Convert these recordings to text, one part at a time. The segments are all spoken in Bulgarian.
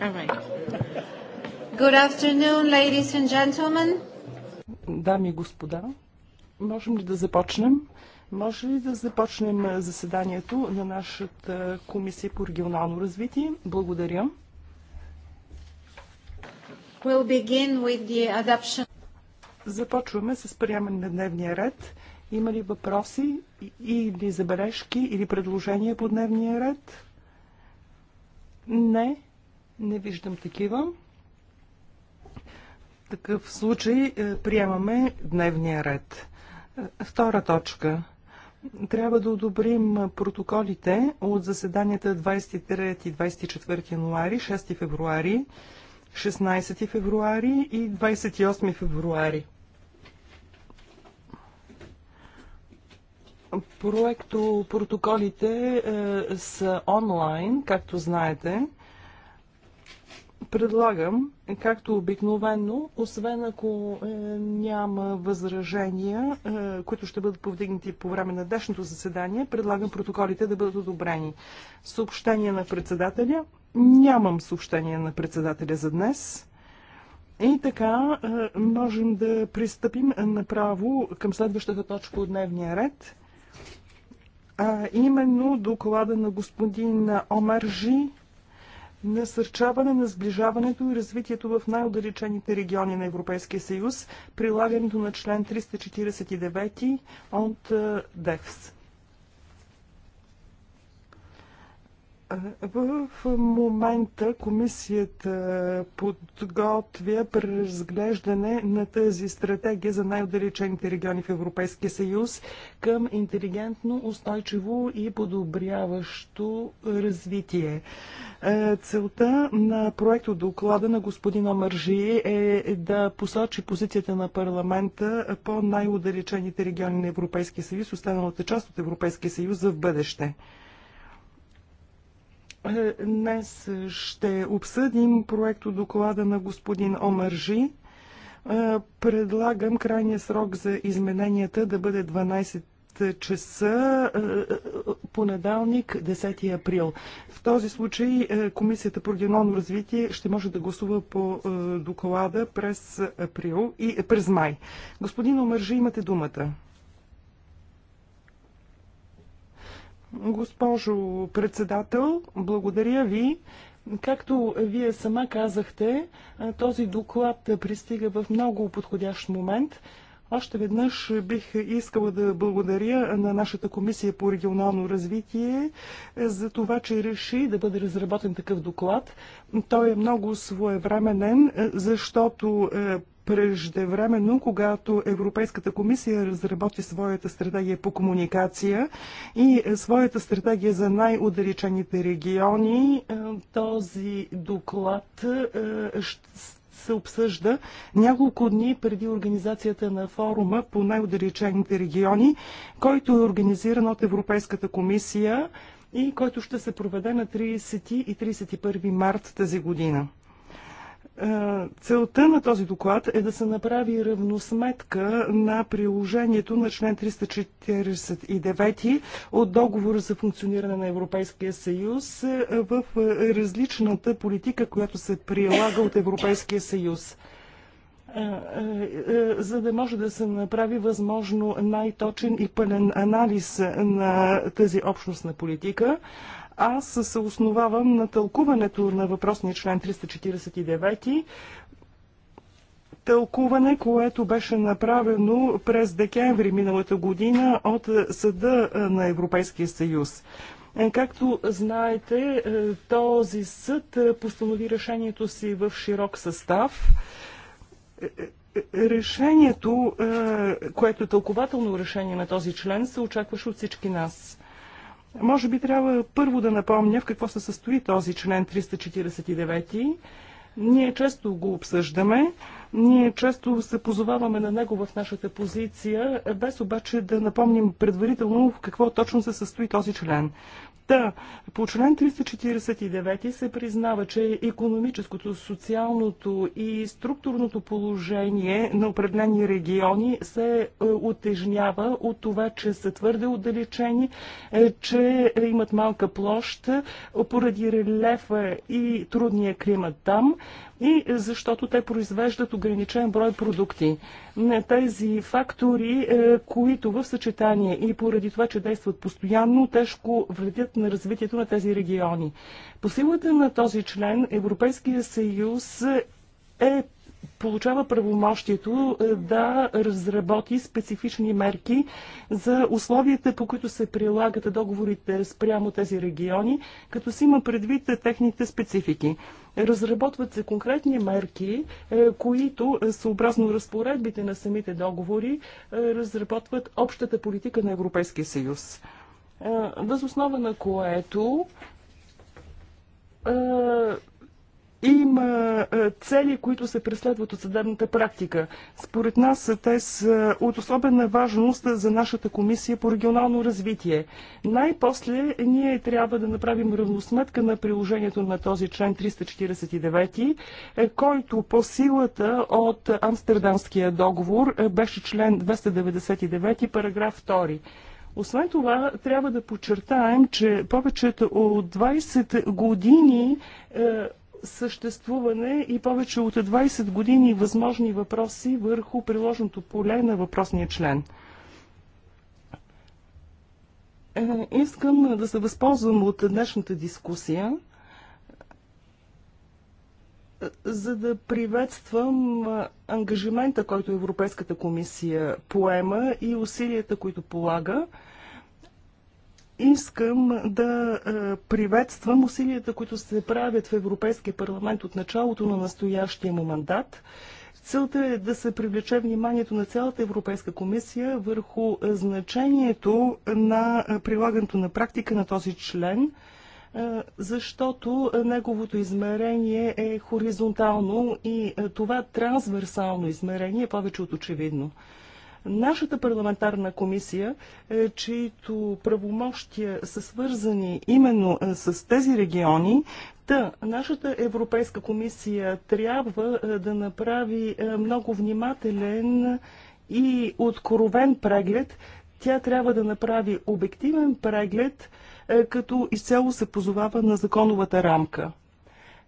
All right. Good afternoon, ladies and gentlemen. Дами и господа, можем ли да започнем? Може ли да започнем заседанието на нашата комисия по регионално развитие? Благодаря. We'll begin with the adoption. Започваме с приемане на дневния ред. Има ли въпроси или забележки или предложения по дневния ред? Не. Не виждам такива. В такъв случай е, приемаме дневния ред. Е, втора точка. Трябва да одобрим протоколите от заседанията 23 и 24 януари, 6 февруари, 16 февруари и 28 февруари. Проекто протоколите е, са онлайн, както знаете. Предлагам, както обикновено, освен ако е, няма възражения, е, които ще бъдат повдигнати по време на днешното заседание, предлагам протоколите да бъдат одобрени. Съобщение на председателя. Нямам съобщение на председателя за днес. И така, е, можем да пристъпим направо към следващата точка от дневния ред. А именно доклада на господин Омаржи насърчаване на сближаването и развитието в най-отдалечените региони на Европейския съюз, прилагането на член 349 от е, ДЕФС. В момента комисията подготвя преразглеждане на тази стратегия за най-отдалечените региони в Европейския съюз към интелигентно, устойчиво и подобряващо развитие. Е, целта на проекта доклада на господин Омържи е да посочи позицията на парламента по най-отдалечените региони на Европейския съюз, останалата част от Европейския съюз за в бъдеще. Е, днес ще обсъдим проекто доклада на господин Омържи. Е, предлагам крайния срок за измененията да бъде 12 часа е, понеделник, 10 април. В този случай Комисията по регионално развитие ще може да гласува по доклада през април и през май. Господин Омържи, имате думата. Госпожо председател, благодаря ви. Както вие сама казахте, този доклад пристига в много подходящ момент. Още веднъж бих искала да благодаря на нашата комисия по регионално развитие за това, че реши да бъде разработен такъв доклад. Той е много своевременен, защото е, преждевременно, когато Европейската комисия разработи своята стратегия по комуникация и своята стратегия за най-удалечените региони. Е, този доклад е, се обсъжда няколко дни преди организацията на форума по най-удалечените региони, който е организиран от Европейската комисия и който ще се проведе на 30 и 31 март тази година. Е, целта на този доклад е да се направи равносметка на приложението на член 349 от договора за функциониране на Европейския съюз е, в различната политика, която се прилага от Европейския съюз е, за да може да се направи възможно най-точен и пълен анализ на тази общностна политика. Аз се основавам на тълкуването на въпросния член 349, тълкуване, което беше направено през декември миналата година от Съда на Европейския съюз. Е, както знаете, е, този съд е, постанови решението си в широк състав. Решението, което е тълкователно решение на този член, се очакваше от всички нас. Може би трябва първо да напомня в какво се състои този член 349. Ние често го обсъждаме. Ние често се позоваваме на него в нашата позиция, без обаче да напомним предварително в какво точно се състои този член. Та, да, по член 349 се признава, че економическото, социалното и структурното положение на определени региони се отежнява е, от това, че са твърде отдалечени, е, че имат малка площ е, поради релефа и трудния климат там и защото те произвеждат ограничен брой продукти. Тези фактори, е, които в съчетание и поради това, че действат постоянно, тежко вредят на развитието на тези региони. По силата на този член Европейския съюз е получава правомощието е, да разработи специфични мерки за условията, по които се прилагат договорите спрямо тези региони, като си има предвид техните специфики. Разработват се конкретни мерки, е, които е, съобразно разпоредбите на самите договори разработват общата политика на Европейския съюз. Възоснова на което има е, цели, които се преследват от съдебната практика. Според нас е, те са от особена важност за нашата комисия по регионално развитие. Най-после ние трябва да направим равносметка на приложението на този член 349, е, който по силата от Амстердамския договор беше член 299, параграф 2. Освен това, трябва да подчертаем, че повечето от 20 години съществуване и повече от 20 години възможни въпроси върху приложното поле на въпросния член. Е, искам да се възползвам от днешната дискусия, за да приветствам ангажимента, който Европейската комисия поема и усилията, които полага – Искам да е, приветствам усилията, които се правят в Европейския парламент от началото на настоящия му мандат. Целта е да се привлече вниманието на цялата Европейска комисия върху значението на прилагането на практика на този член, е, защото неговото измерение е хоризонтално и е, това трансверсално измерение е повече от очевидно. Нашата парламентарна комисия, е, чието правомощия са свързани именно е, с тези региони, Та, да, нашата Европейска комисия трябва е, да направи много внимателен и откровен преглед. Тя трябва да направи обективен преглед, като изцяло се позовава на законовата рамка.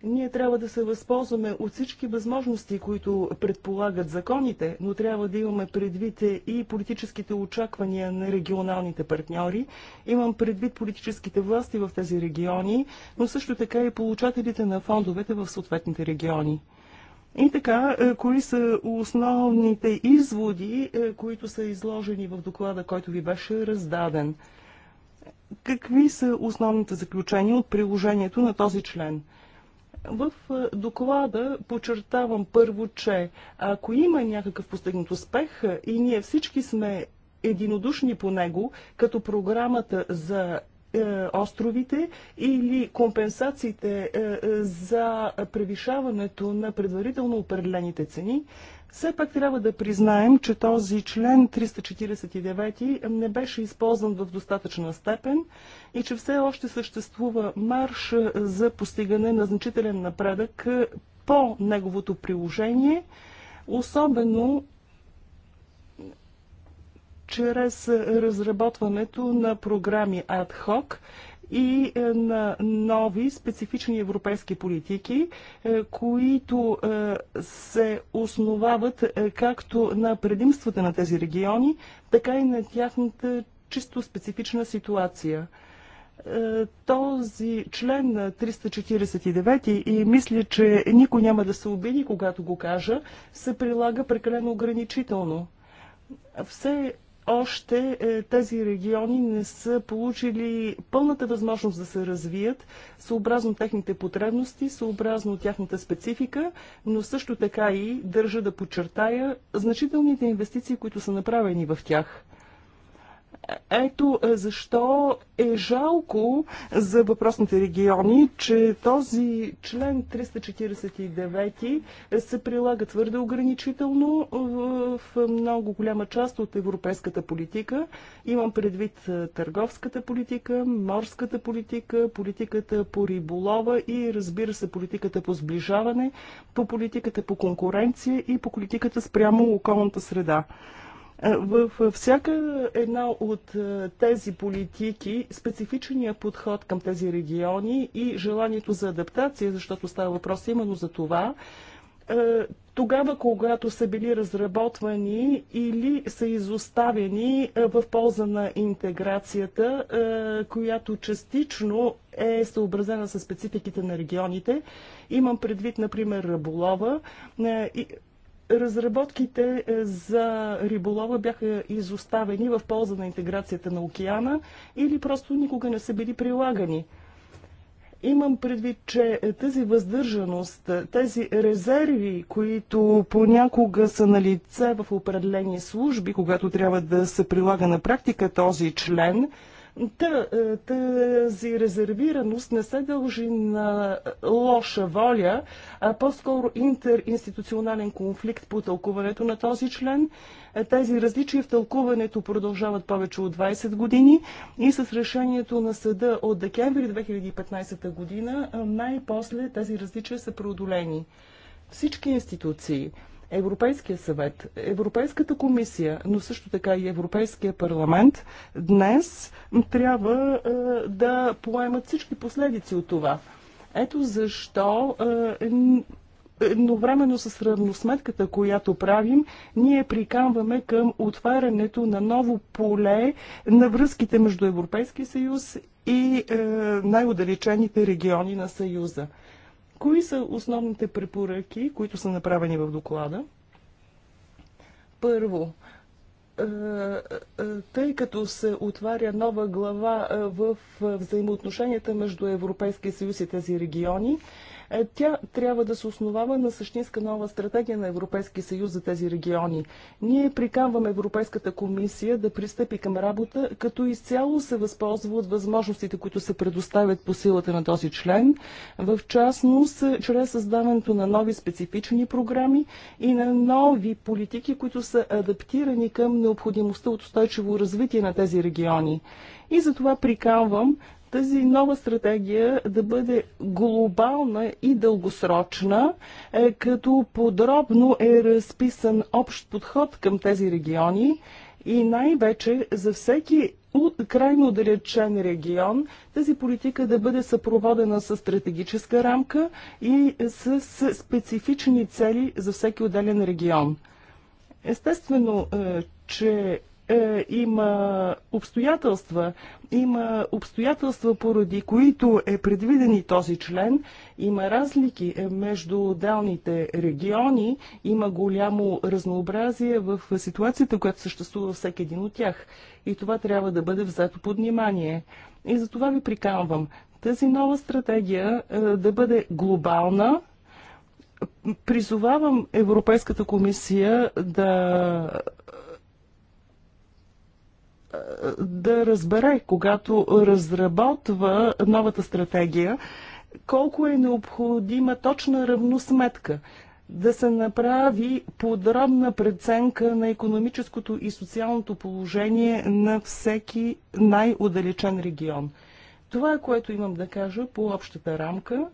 Ние трябва да се възползваме от всички възможности, които предполагат законите, но трябва да имаме предвид и политическите очаквания на регионалните партньори. Имам предвид политическите власти в тези региони, но също така и получателите на фондовете в съответните региони. И така, е, кои са основните изводи, е, които са изложени в доклада, който ви беше раздаден? Какви са основните заключения от приложението на този член? В е, доклада подчертавам първо, че ако има някакъв постигнат успех е, и ние всички сме единодушни по него, като програмата за е, островите или компенсациите е, е, за превишаването на предварително определените цени, все пак трябва да признаем, че този член 349 не беше използван в достатъчна степен и че все още съществува марш за постигане на значителен напредък по неговото приложение, особено чрез разработването на програми АДХОК и е, на нови специфични европейски политики, е, които е, се основават както на предимствата на тези региони, така и на тяхната чисто специфична ситуация този член 349 и мисля, че никой няма да се обиди, когато го кажа, се прилага прекалено ограничително. Все още е, тези региони не са получили пълната възможност да се развият, съобразно техните потребности, съобразно тяхната специфика, но също така и държа да подчертая значителните инвестиции, които са направени в тях. Ето защо е жалко за въпросните региони, че този член 349 се прилага твърде ограничително в много голяма част от европейската политика. Имам предвид търговската политика, морската политика, политиката по риболова и разбира се политиката по сближаване, по политиката по конкуренция и по политиката спрямо околната среда. Във е, всяка една от е, тези политики, специфичният подход към тези региони и желанието за адаптация, защото става въпрос именно за това, е, тогава, когато са били разработвани или са изоставени в полза на интеграцията, която частично е съобразена с спецификите на регионите. Имам предвид, например, раболова Разработките е, за риболова бяха изоставени в полза на интеграцията на океана или просто никога не са били прилагани. Имам предвид, че е, тази въздържаност, е, тези резерви, които понякога са на лице в определени служби, когато трябва да се прилага на практика този член, е, тази резервираност не се дължи на лоша воля, а по-скоро интеринституционален конфликт по тълкуването на този член. Е, тези различия в тълкуването продължават повече от 20 години и с решението на съда от декември 2015 година е, най-после тези различия са преодолени. Всички институции, Европейския съвет, Европейската комисия, но също така и Европейския парламент днес трябва е, да поемат всички последици от това. Ето защо е, едновременно с равносметката, която правим, ние приканваме към отварянето на ново поле на връзките между Европейския съюз и е, най-удалечените региони на Съюза. Кои са основните препоръки, които са направени в доклада? Първо, е, е, е, тъй като се отваря нова глава в взаимоотношенията между Европейския съюз и тези региони, е, тя трябва да се основава на същинска нова стратегия на Европейския съюз за тези региони. Ние приканваме Европейската комисия да пристъпи към работа, като изцяло се възползва от възможностите, които се предоставят по силата на този член, в частност е, чрез създаването на нови специфични програми и на нови политики, които са адаптирани към необходимостта от устойчиво развитие на тези региони. И затова приканвам тази нова стратегия да бъде глобална и дългосрочна, е, като подробно е разписан общ подход към тези региони и най-вече за всеки крайно отдалечен регион, тази политика да бъде съпроводена с стратегическа рамка и с специфични цели за всеки отделен регион. Естествено, е, че е, има обстоятелства. Има обстоятелства, поради които е предвиден и този член. Има разлики е, между отделните региони. Има голямо разнообразие в ситуацията, която съществува всеки един от тях. И това трябва да бъде взето под внимание. И за това ви приканвам тази нова стратегия е, да бъде глобална, призовавам Европейската комисия да да разбере, когато разработва новата стратегия, колко е необходима точна равносметка, да се направи подробна преценка на економическото и социалното положение на всеки най-удалечен регион. Това е което имам да кажа по общата рамка.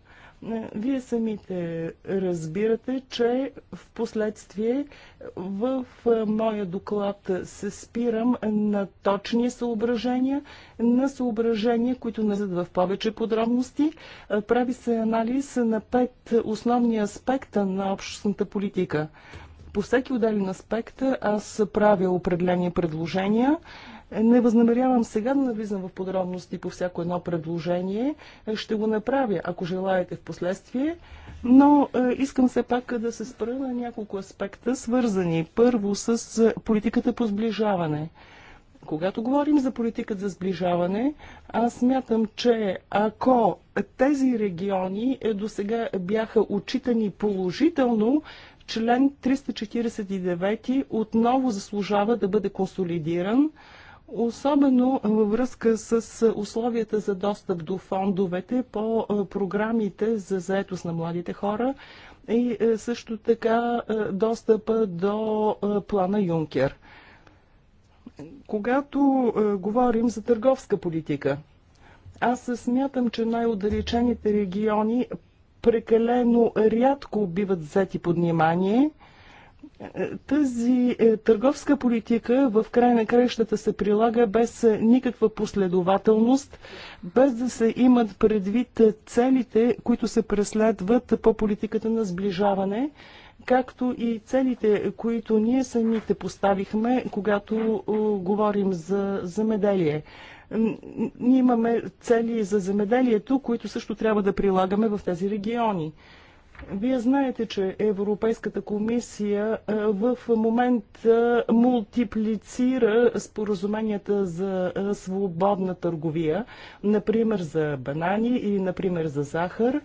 Вие самите разбирате, че в последствие в моя доклад се спирам на точни съображения, на съображения, които назад в повече подробности. Прави се анализ на пет основни аспекта на общностната политика. По всеки отделен аспект аз правя определени предложения. Не възнамерявам сега да навлизам в подробности по всяко едно предложение. Ще го направя, ако желаете в последствие. Но е, искам все пак да се спра на няколко аспекта, свързани първо с политиката по сближаване. Когато говорим за политиката за сближаване, аз смятам, че ако тези региони е, до сега бяха отчитани положително, член 349 отново заслужава да бъде консолидиран особено във връзка с условията за достъп до фондовете по програмите за заетост на младите хора и също така достъпа до плана Юнкер. Когато говорим за търговска политика, аз смятам, че най удалечените региони прекалено рядко биват взети под внимание – тази е, търговска политика в край на краищата се прилага без е, никаква последователност, без да се имат предвид е, целите, които се преследват по политиката на сближаване, както и целите, които ние самите поставихме, когато говорим за замеделие. Ние имаме цели за земеделието, които също трябва да прилагаме в тези региони. Вие знаете, че Европейската комисия е, в момента е, мултиплицира споразуменията за е, свободна търговия, например за банани или например за захар.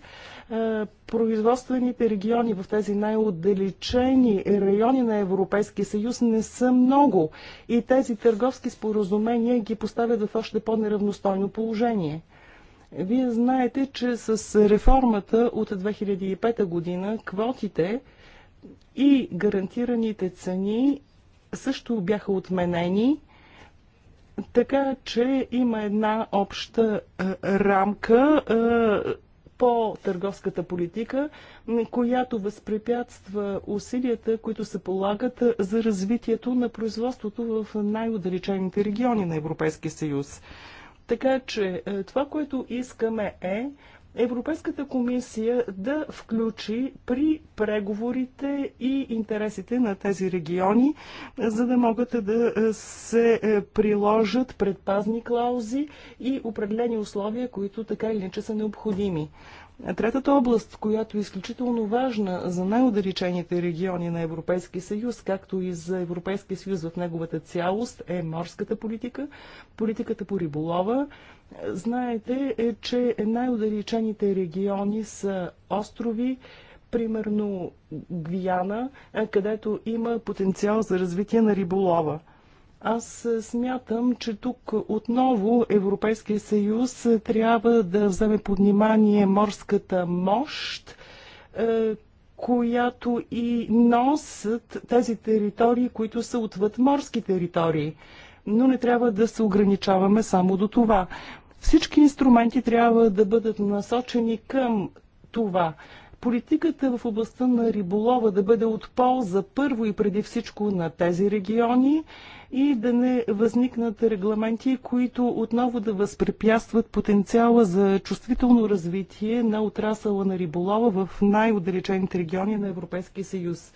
Производствените региони в тези най-отдалечени райони на Европейския съюз не са много и тези търговски споразумения ги поставят в още по-неравностойно положение. Вие знаете, че с реформата от 2005 година квотите и гарантираните цени също бяха отменени, така че има една обща е, рамка е, по търговската политика, която възпрепятства усилията, които се полагат за развитието на производството в най-удалечените региони на Европейския съюз. Така че е, това, което искаме е Европейската комисия да включи при преговорите и интересите на тези региони, за да могат да се е, приложат предпазни клаузи и определени условия, които така или иначе са необходими. Третата област, която е изключително важна за най удаличените региони на Европейския съюз, както и за Европейския съюз в неговата цялост, е морската политика, политиката по риболова. Знаете, е, че най удаличените региони са острови, примерно Гвиана, където има потенциал за развитие на риболова – аз смятам, че тук отново Европейския съюз трябва да вземе под внимание морската мощ, е, която и носят тези територии, които са отвъд морски територии. Но не трябва да се ограничаваме само до това. Всички инструменти трябва да бъдат насочени към това. Политиката в областта на риболова да бъде от полза първо и преди всичко на тези региони, и да не възникнат регламенти, които отново да възпрепятстват потенциала за чувствително развитие на отрасъла на риболова в най-отдалечените региони на Европейския съюз.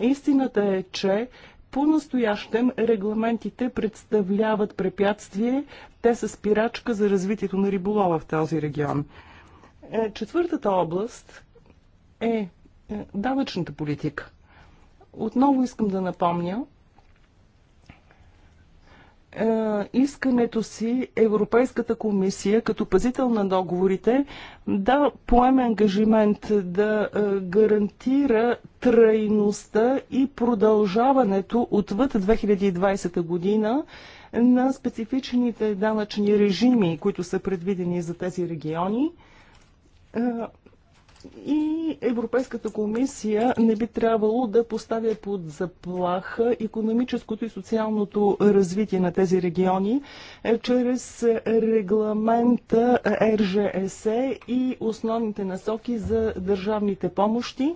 Истината е, че по-настоящем регламентите представляват препятствие, те са спирачка за развитието на риболова в този регион. Е, четвъртата област е, е данъчната политика. Отново искам да напомня, е, искането си Европейската комисия като пазител на договорите да поеме ангажимент да е, гарантира трайността и продължаването отвъд 2020 година на специфичните данъчни режими, които са предвидени за тези региони е, и Европейската комисия не би трябвало да поставя под заплаха економическото и социалното развитие на тези региони е, чрез регламента РЖСЕ и основните насоки за държавните помощи,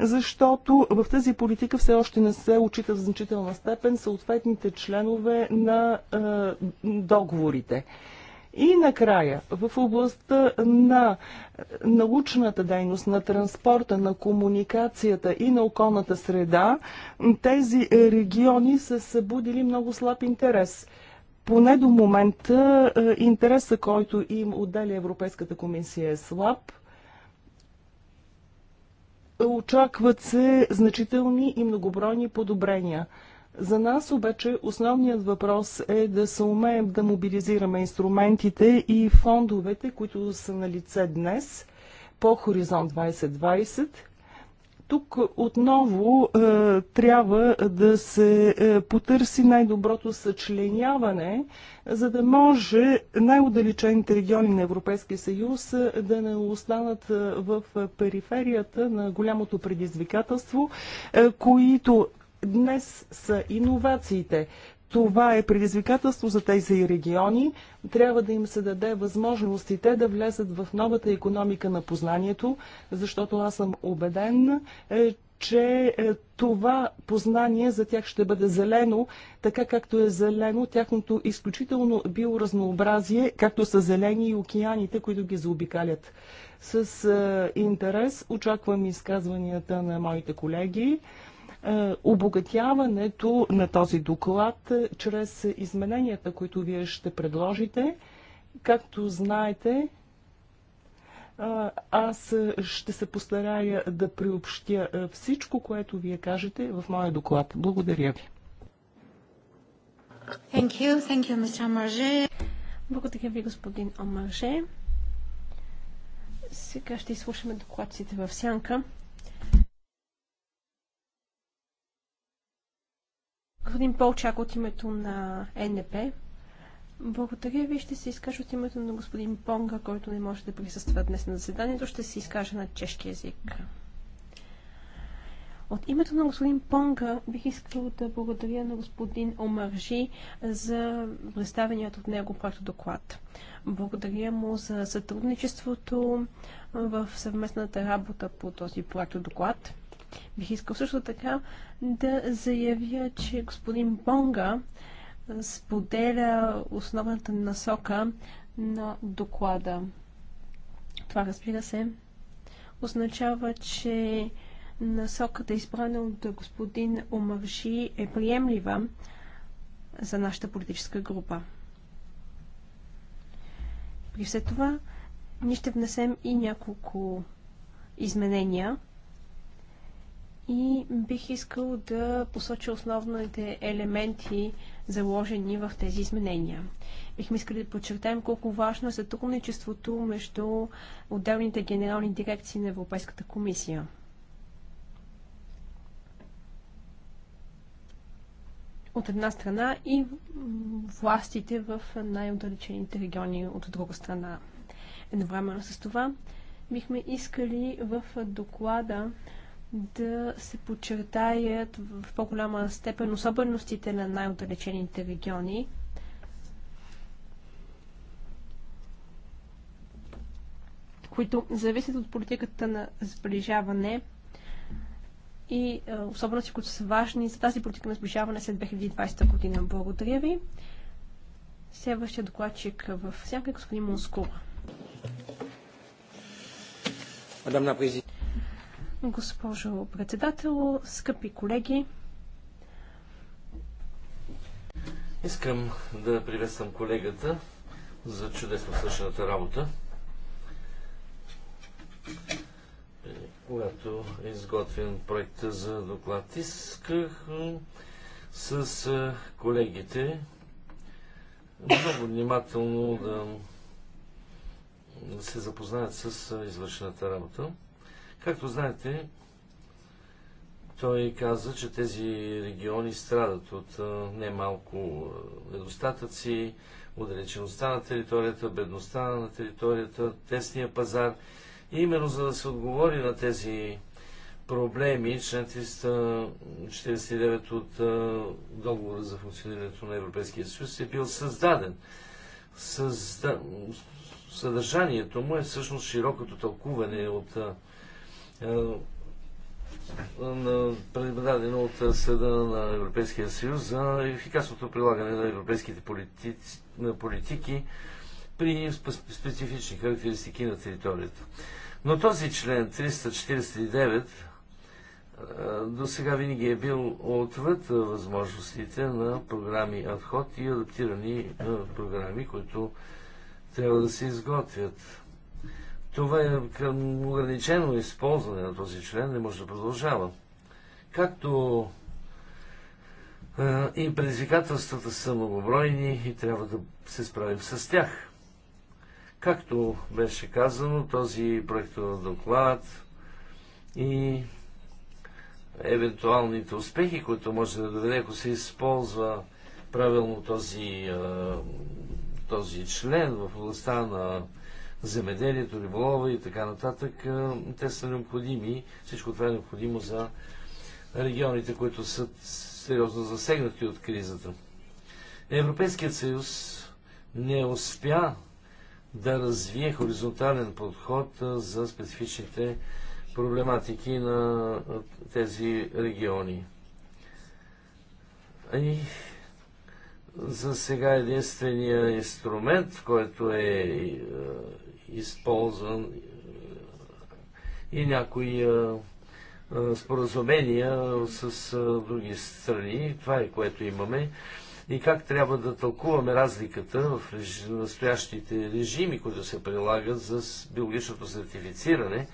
защото в тази политика все още не се очита в значителна степен съответните членове на е, договорите. И накрая, в областта на е, научната дейност, на транспорта, на комуникацията и на околната среда, тези региони са събудили много слаб интерес. Поне до момента е, интереса, който им отделя Европейската комисия е слаб. Очакват се значителни и многобройни подобрения – за нас обаче основният въпрос е да се умеем да мобилизираме инструментите и фондовете, които са на лице днес по Хоризонт 2020. Тук отново е, трябва да се е, потърси най-доброто съчленяване, за да може най-удалечените региони на Европейския съюз е, да не останат е, в периферията на голямото предизвикателство, е, които днес са иновациите. Това е предизвикателство за тези региони. Трябва да им се даде възможности те да влезат в новата економика на познанието, защото аз съм убеден, е, че е, това познание за тях ще бъде зелено, така както е зелено тяхното изключително биоразнообразие, както са зелени и океаните, които ги заобикалят. С е, интерес очаквам изказванията на моите колеги. Е, обогатяването на този доклад е, чрез измененията, които вие ще предложите. Както знаете, е, аз ще се постарая да приобщя всичко, което вие кажете в моя доклад. Благодаря ви. Thank you. Thank you, Благодаря ви, господин Омарже. Сега ще изслушаме докладците в сянка. Господин Полчак от името на НП. Благодаря ви. Ще се изкажа от името на господин Понга, който не може да присъства днес на заседанието. Ще се изкажа на чешки язик. От името на господин Понга бих искал да благодаря на господин Омаржи за представеният от него проект доклад. Благодаря му за сътрудничеството в съвместната работа по този проект доклад. Бих искал също така да заявя, че господин Бонга споделя основната насока на доклада. Това, разбира се, означава, че насоката, избрана от господин Омаржи, е приемлива за нашата политическа група. При все това, ние ще внесем и няколко изменения – и бих искал да посоча основните елементи, заложени в тези изменения. Бихме искали да подчертаем колко важно е сътрудничеството между отделните генерални дирекции на Европейската комисия. От една страна и властите в най-отдалечените региони от друга страна. Едновременно с това бихме искали в доклада да се подчертаят в по-голяма степен особеностите на най-отдалечените региони. които зависят от политиката на сближаване и е, особености, които са важни за тази политика на сближаване след 2020 година. Благодаря ви. Следващия докладчик в сянка е господин Монскова. Мадам на президент. Госпожо председател, скъпи колеги, Искам да приветствам колегата за чудесно свършената работа, когато е изготвен проекта за доклад. Исках с колегите много внимателно да се запознаят с извършената работа. Както знаете, той каза, че тези региони страдат от немалко недостатъци, отдалечеността на територията, бедността на територията, тесния пазар. И именно за да се отговори на тези проблеми, член 349 от договора за функционирането на Европейския съюз е бил създаден. Съдържанието му е всъщност широкото тълкуване от е, е, е, предадено от Съда на Европейския съюз за ефикасното прилагане на европейските политици, на политики при специфични характеристики на територията. Но този член 349 до сега винаги е бил отвъд възможностите на програми адход и адаптирани програми, които трябва да се изготвят това е към ограничено използване на този член не може да продължава. Както е, и предизвикателствата са многобройни и трябва да се справим с тях. Както беше казано, този проект на доклад и евентуалните успехи, които може да доведе, ако се използва правилно този, този член в областта на земеделието, риболова и така нататък. Те са необходими. Всичко това е необходимо за регионите, които са сериозно засегнати от кризата. Европейският съюз не успя да развие хоризонтален подход за специфичните проблематики на тези региони. И за сега единствения инструмент, който е използван е, и някои е, е, споразумения с други страни. Това е което имаме. И как трябва да тълкуваме разликата в настоящите режими, които се прилагат за биологичното сертифициране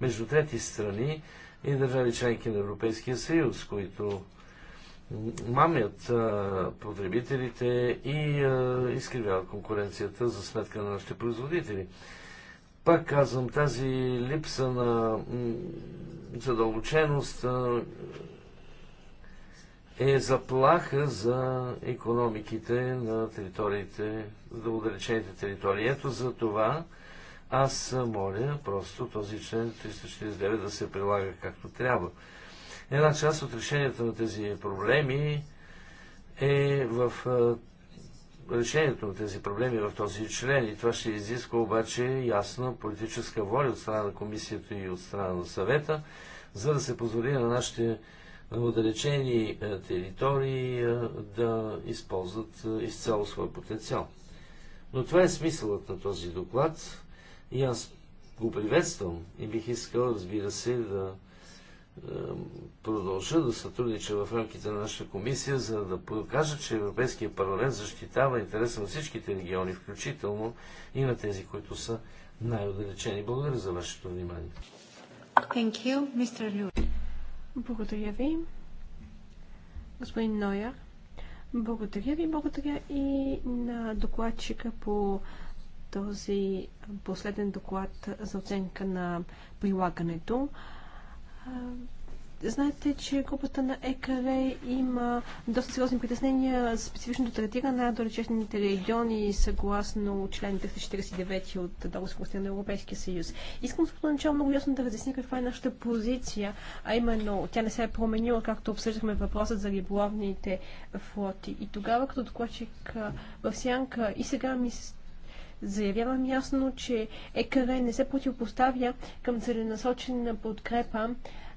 между трети страни и държави членки на Европейския съюз, които мамят потребителите и изкривяват конкуренцията за сметка на нашите производители. Пак казвам, тази липса на задълбоченост е заплаха за економиките на териториите, за отдалечените територии. Ето за това аз моля просто този член 349 да се прилага както трябва. Една част от решенията на тези проблеми е в решението на тези проблеми в този член и това ще изисква обаче ясна политическа воля от страна на комисията и от страна на съвета, за да се позволи на нашите отдалечени е, територии е, да използват е, изцяло своя потенциал. Но това е смисълът на този доклад и аз го приветствам и бих искал, разбира се, да продължа да сътруднича в рамките на нашата комисия, за да покажа, че Европейския парламент защитава интереса на всичките региони, включително и на тези, които са най-отдалечени. Благодаря за вашето внимание. Thank you, Mr. Благодаря ви, господин Ноя. Благодаря ви, благодаря и на докладчика по този последен доклад за оценка на прилагането. Знаете, че групата на ЕКР има доста сериозни притеснения за специфичното третиране на далечешните региони съгласно член 349 от Договорството на Европейския съюз. Искам от начало много ясно да разясня каква е нашата позиция, а именно тя не се е променила, както обсъждахме въпросът за риболовните флоти. И тогава, като докладчик в Сянка, и сега ми Заявявам ясно, че ЕКР не се противопоставя към целенасочена подкрепа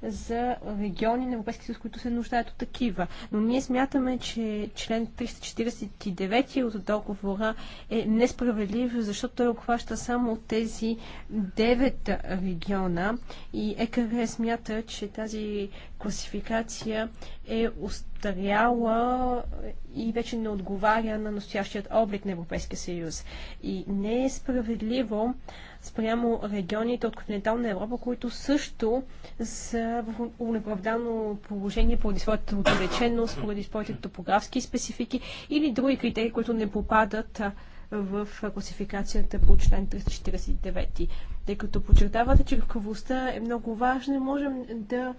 за региони на Европейския съюз, които се нуждаят от такива. Но ние смятаме, че член 349 от договора е несправедлив, защото той обхваща само тези 9 региона и ЕКР смята, че тази класификация е устаряла и вече не отговаря на настоящият облик на Европейския съюз. И не е справедливо спрямо регионите от континентална Европа, които също са в унеправдано положение поради своята отвлеченост, поради своите топографски специфики или други критерии, които не попадат в класификацията по член 349. Тъй като подчертавате, че гъвкавостта е много важна, можем да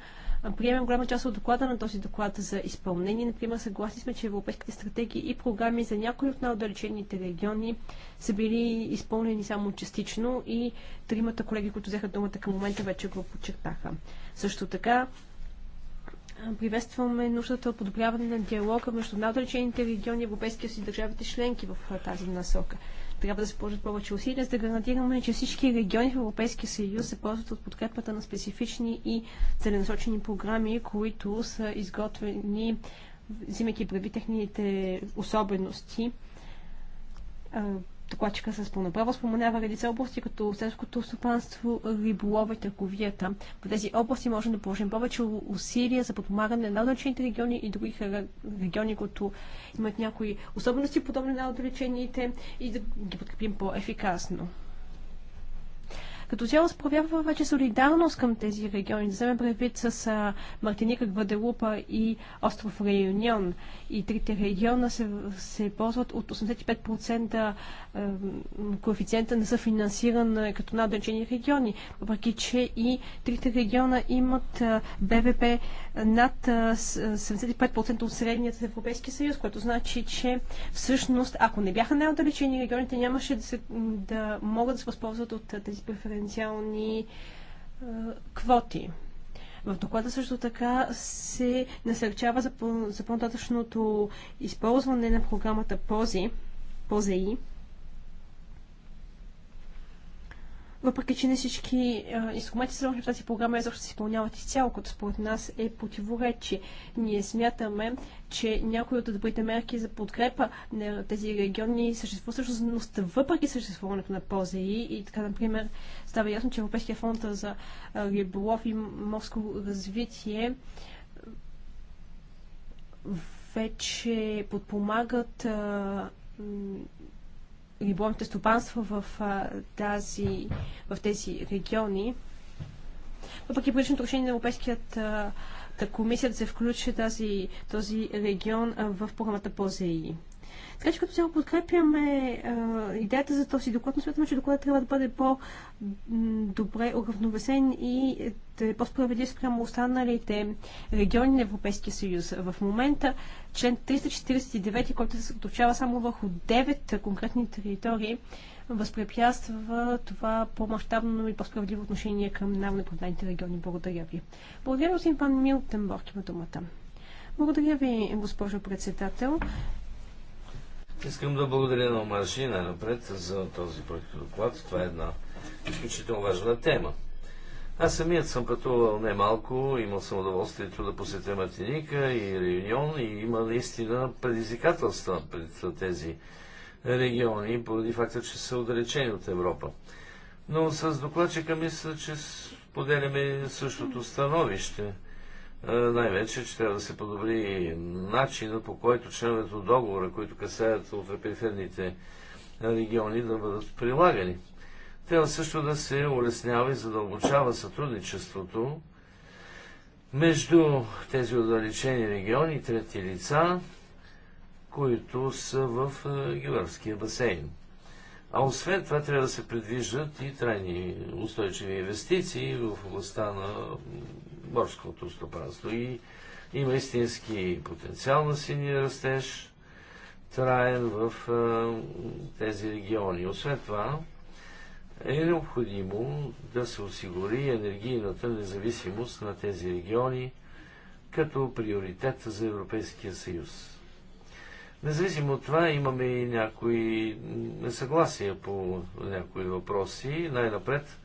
приемем голяма част от доклада на този доклад за изпълнение. Например, съгласни сме, че европейските стратегии и програми за някои от най-отдалечените региони са били изпълнени само частично и тримата колеги, които взеха думата към момента, вече го подчертаха. Също така, Приветстваме нуждата от подобряване на диалога между най-отдалечените региони Европейския си държавите членки в тази насока. Трябва да се положат повече усилия, за да гарантираме, че всички региони в Европейския съюз се ползват от подкрепата на специфични и целенасочени програми, които са изготвени, взимайки предвид техните особености докладчика с пълноправо споменава редица области, като селското стопанство, риболова и търговията. В тези области можем да положим повече усилия за подпомагане на отдалечените региони и други региони, които имат някои особености, подобни на отдалечените и да ги подкрепим по-ефикасно. Като цяло проявява вече солидарност към тези региони. Да вземем предвид с Мартиника, Гваделупа и остров Реюнион. И трите региона се, се ползват от 85% коефициента на съфинансиран като надъчени региони. Въпреки, че и трите региона имат БВП над 75% от средният за Европейския съюз, което значи, че всъщност, ако не бяха най-отдалечени регионите, нямаше да, се, да могат да се възползват от тези преференции преференциални е, квоти. В доклада също така се насърчава за по-нататъчното използване на програмата ПОЗИ, ПОЗЕИ, въпреки че не всички инструменти, заложени в тази програма, изобщо се изпълняват изцяло, като според нас е противоречие. Ние смятаме, че някои от добрите мерки за подкрепа на тези региони съществува всъщност въпреки съществуването на ПОЗЕИ и така, например, става ясно, че Европейския фонд за риболов и морско развитие вече подпомагат а, риболовните стопанства в, тази, в тези региони. Въпреки предишното решение на Европейският комисията се включи тази, този регион в програмата по ЗИ. Така че като цяло подкрепяме а, идеята за този доклад, но смятаме, че докладът трябва да бъде по-добре уравновесен и да е по-справедлив спрямо останалите региони на Европейския съюз. В момента член 349, който се съсредоточава само върху 9 конкретни територии, възпрепятства това по-масштабно и по-справедливо отношение към най-неправданите региони. Благодаря ви. Благодаря, господин Пан Милтенборг, има думата. Благодаря ви, госпожо председател. Искам да благодаря на Омарши най-напред за този проект доклад. Това е една изключително важна тема. Аз самият съм пътувал немалко, имал съм удоволствието да посетя Мартиника и Реюнион и има наистина предизвикателства пред тези региони, поради факта, че са отдалечени от Европа. Но с докладчика мисля, че споделяме същото становище – е, най-вече, че трябва да се подобри начина по който членовете от договора, които касаят ултрапериферните региони, да бъдат прилагани. Трябва също да се улеснява и задълбочава сътрудничеството между тези отдалечени региони и трети лица, които са в е, Георгския басейн. А освен това трябва да се предвиждат и трайни устойчиви инвестиции в областта на морското стопанство. И има истински потенциал на синия растеж, траен в тези региони. Освен това, е необходимо да се осигури енергийната независимост на тези региони като приоритет за Европейския съюз. Независимо от това, имаме и някои несъгласия по някои въпроси. Най-напред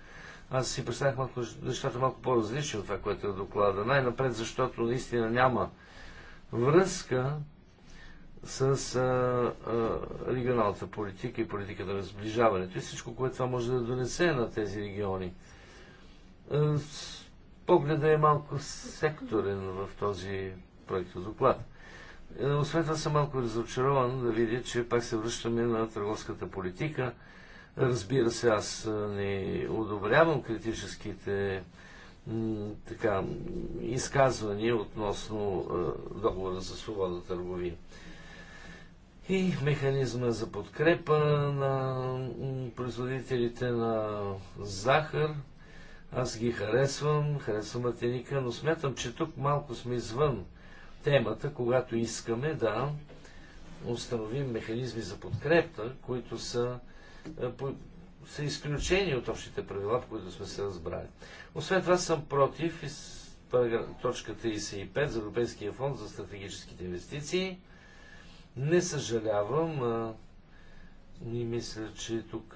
аз си представях малко, нещата малко по-различни от това, което е доклада. Най-напред, защото наистина няма връзка с а, а, регионалната политика и политиката на сближаването и всичко, което това може да донесе на тези региони. Погледа е малко секторен в този проект доклад. Е, освен това съм малко разочарован да видя, че пак се връщаме на търговската политика – Разбира се, аз не одобрявам критическите така, изказвания относно договора за свобода търговия и механизма за подкрепа на производителите на захар. Аз ги харесвам, харесвам Матеника, но смятам, че тук малко сме извън темата, когато искаме да установим механизми за подкрепа, които са е, са изключени от общите правила, по които сме се разбрали. Освен това съм против точка 35 за Европейския фонд за стратегическите инвестиции. Не съжалявам а, и мисля, че тук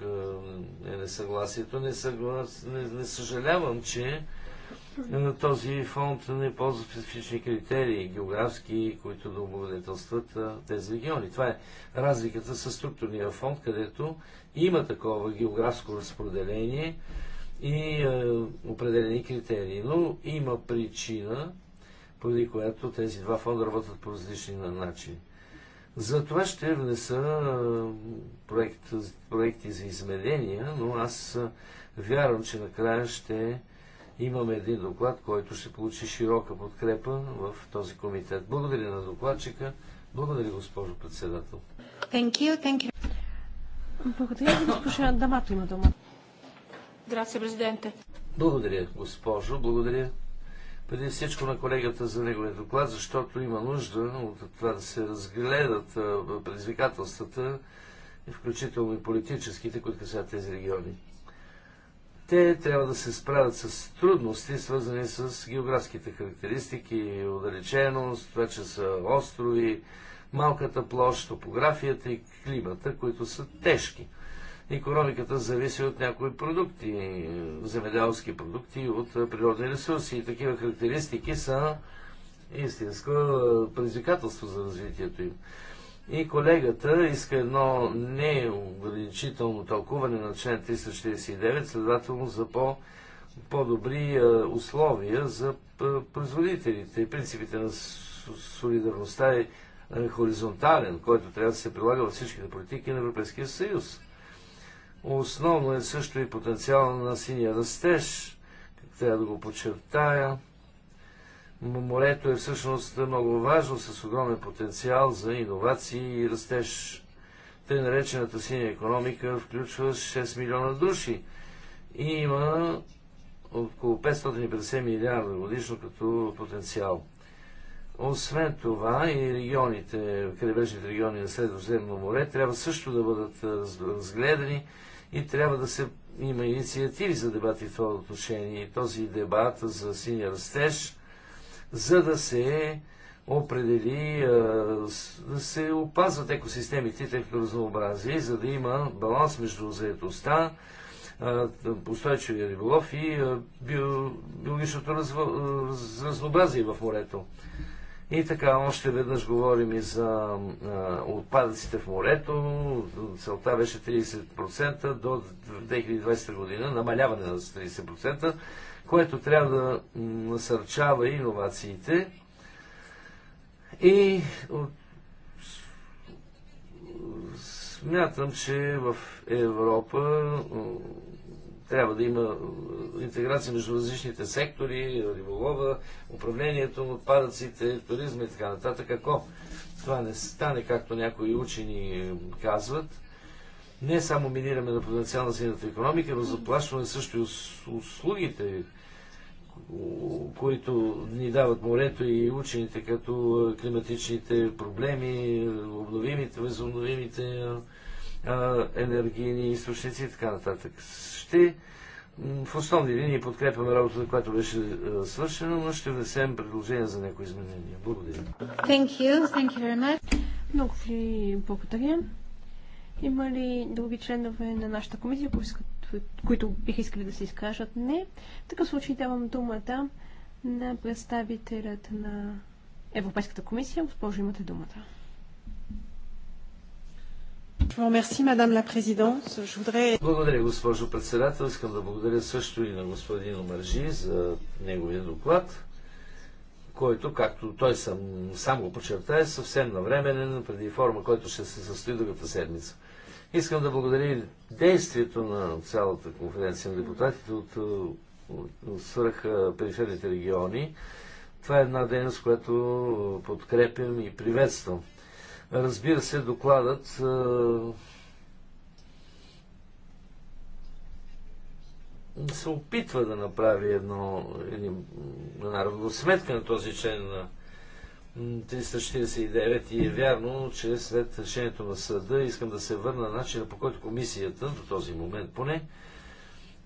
е несъгласието. Не, съглас... не, не съжалявам, че на този фонд не ползва специфични критерии, географски, които да облагодетелстват тези региони. Това е разликата с структурния фонд, където има такова географско разпределение и е, определени критерии. Но има причина, поради която тези два фонда работят по различни начини. За това ще внеса проект, проекти за изменения, но аз вярвам, че накрая ще имаме един доклад, който ще получи широка подкрепа в този комитет. Благодаря на докладчика. Благодаря, госпожо председател. Thank you, thank you. Благодаря ви, госпожа Дамато има дума. Грация, президенте. Благодаря, госпожо. Благодаря преди всичко на колегата за неговия доклад, защото има нужда от това да се разгледат предизвикателствата, включително и политическите, които касат тези региони те трябва да се справят с трудности, свързани с географските характеристики, отдалеченост, това, че са острови, малката площ, топографията и климата, които са тежки. Економиката зависи от някои продукти, земеделски продукти, от природни ресурси. И такива характеристики са истинско предизвикателство за развитието им. И колегата иска едно неограничително тълкуване на член 349, следователно за по- по-добри условия за производителите. И принципите на солидарността е хоризонтален, който трябва да се прилага във всичките политики на Европейския съюз. Основно е също и потенциал на синия растеж. Трябва да го подчертая. Морето е всъщност много важно, с огромен потенциал за иновации и растеж. Тъй наречената синя економика включва 6 милиона души и има около 550 милиарда годишно като потенциал. Освен това и регионите, крайбрежните региони на Средоземно море трябва също да бъдат разгледани и трябва да се има инициативи за дебати в това отношение. И този дебат за синия растеж за да се определи, да се опазват екосистемите и техните разнообразие, за да има баланс между заедостта, устойчивия риболов и биологичното разнообразие в морето. И така, още веднъж говорим и за отпадъците в морето. Целта беше 30% до 2020 година, намаляване на 30% което трябва да насърчава иновациите и от... смятам, че в Европа трябва да има интеграция между различните сектори, риболова, управлението на отпадъците, туризма и така нататък. Ако това не стане, както някои учени казват, не само минираме на потенциална сината економика, но заплащаме също и услугите, които ни дават морето и учените, като климатичните проблеми, обновимите, възобновимите енергийни източници и така нататък. Ще в основни линии подкрепяме работата, която беше свършена, но ще внесем предложения за някои изменения. Благодаря. Thank you. Thank you very much. Много ви благодаря. Има ли други членове на нашата комисия, които искат които бих искали да се изкажат? Не. В такъв случай давам думата на представителят на Европейската комисия. Госпожо, имате думата. Благодаря, госпожо председател. Искам да благодаря също и на господин Омържи за неговия доклад, който, както той сам, сам го подчертая, е съвсем навременен преди форма, който ще се състои другата седмица. Искам да благодаря действието на цялата конференция на депутатите от, свръх периферните региони. Това е една дейност, която подкрепям и приветствам. Разбира се, докладът е, се опитва да направи едно, една равносметка на този член на 349 и е вярно, че след решението на съда искам да се върна на начина по който комисията, до този момент поне,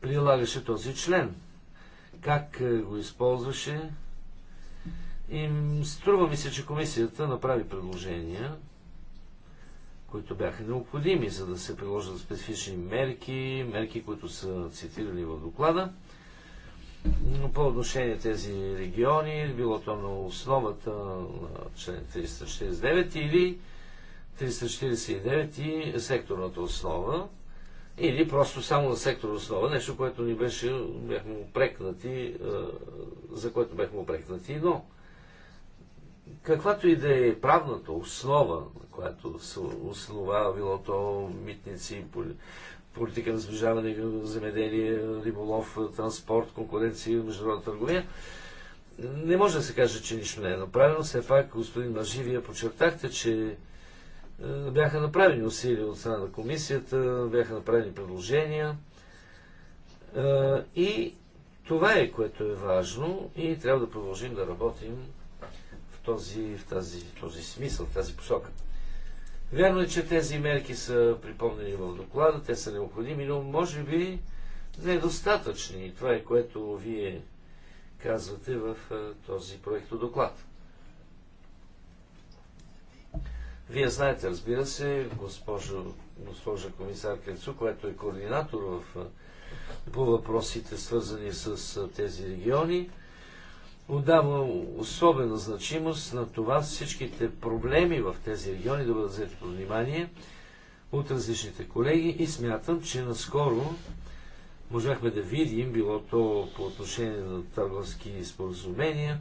прилагаше този член. Как е, го използваше? И струва ми се, че комисията направи предложения, които бяха необходими, за да се приложат специфични мерки, мерки, които са цитирали в доклада по отношение тези региони, било то на основата на член 349 или 349 и секторната основа, или просто само на секторна основа, нещо, което ни беше, бяхме опрекнати, е, за което бяхме опрекнати, но каквато и да е правната основа, на която се основава, било то митници, политика на сближаване, земеделие, риболов, транспорт, конкуренция и международна търговия. Не може да се каже, че нищо не е направено. Все пак, господин Мажи, вие подчертахте, че е, бяха направени усилия от страна на комисията, бяха направени предложения. Е, и това е, което е важно и трябва да продължим да работим в този, в тази, този смисъл, в тази посока. Вярно е, че тези мерки са припомнени в доклада, те са необходими, но може би недостатъчни. Това е което вие казвате в този проект доклад. Вие знаете, разбира се, госпожо, госпожа комисар Крецу, която е координатор в, по въпросите свързани с тези региони отдава особена значимост на това всичките проблеми в тези региони да бъдат взети под внимание от различните колеги и смятам, че наскоро можахме да видим, било то по отношение на търговски споразумения,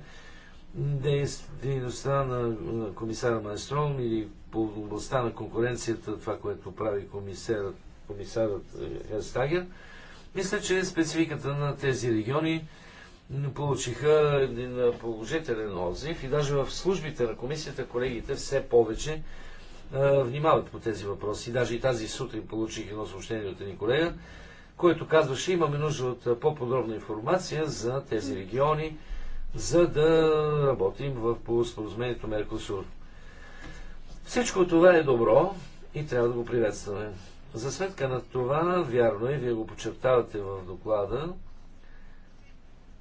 дейността на комисара Маестром или по областта на конкуренцията, това, което прави комисарът, комисарът е, Херстагер. Мисля, че спецификата на тези региони получиха един положителен отзив и даже в службите на комисията колегите все повече внимават по тези въпроси. Даже и тази сутрин получих едно съобщение от един колега, който казваше, имаме нужда от по-подробна информация за тези региони, за да работим в, по споразумението Меркосур. Всичко това е добро и трябва да го приветстваме. За сметка на това, вярно е, вие го подчертавате в доклада,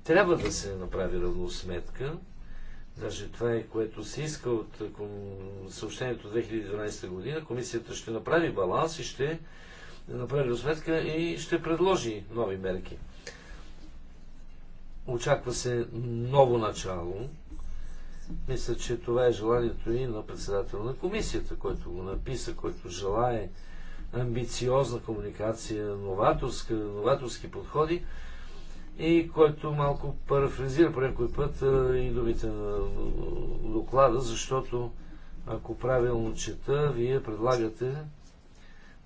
трябва да се направи равносметка. Даже значи това е което се иска от е, съобщението 2012 година. Комисията ще направи баланс и ще направи разметка и ще предложи нови мерки. Очаква се ново начало. Мисля, че това е желанието и на председател на комисията, който го написа, който желае амбициозна комуникация, новаторска, новаторски подходи и което малко парафразира по някой път и думите на доклада, защото ако правилно чета, вие предлагате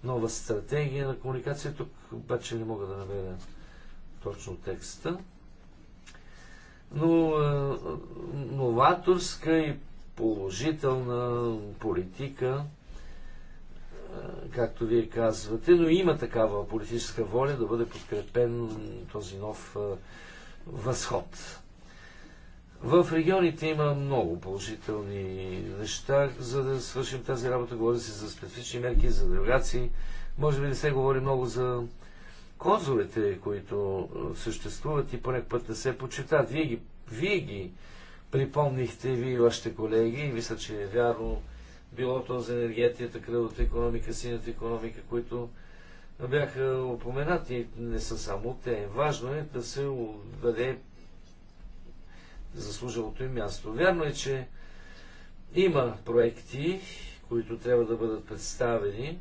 нова стратегия на комуникация. Тук обаче не мога да намеря точно текста. Но новаторска и положителна политика както вие казвате, но има такава политическа воля да бъде подкрепен този нов възход. В регионите има много положителни неща, за да свършим тази работа. Говори се за специфични мерки, за делегации. Може би не се говори много за козовете, които съществуват и поне път не се почитат. Вие ги, вие ги припомнихте, вие и вашите колеги, и мисля, че е вярно било то за енергетията, кръвната економика, синята економика, които бяха упоменати, не са само те. Важно е да се даде заслужилото им място. Вярно е, че има проекти, които трябва да бъдат представени.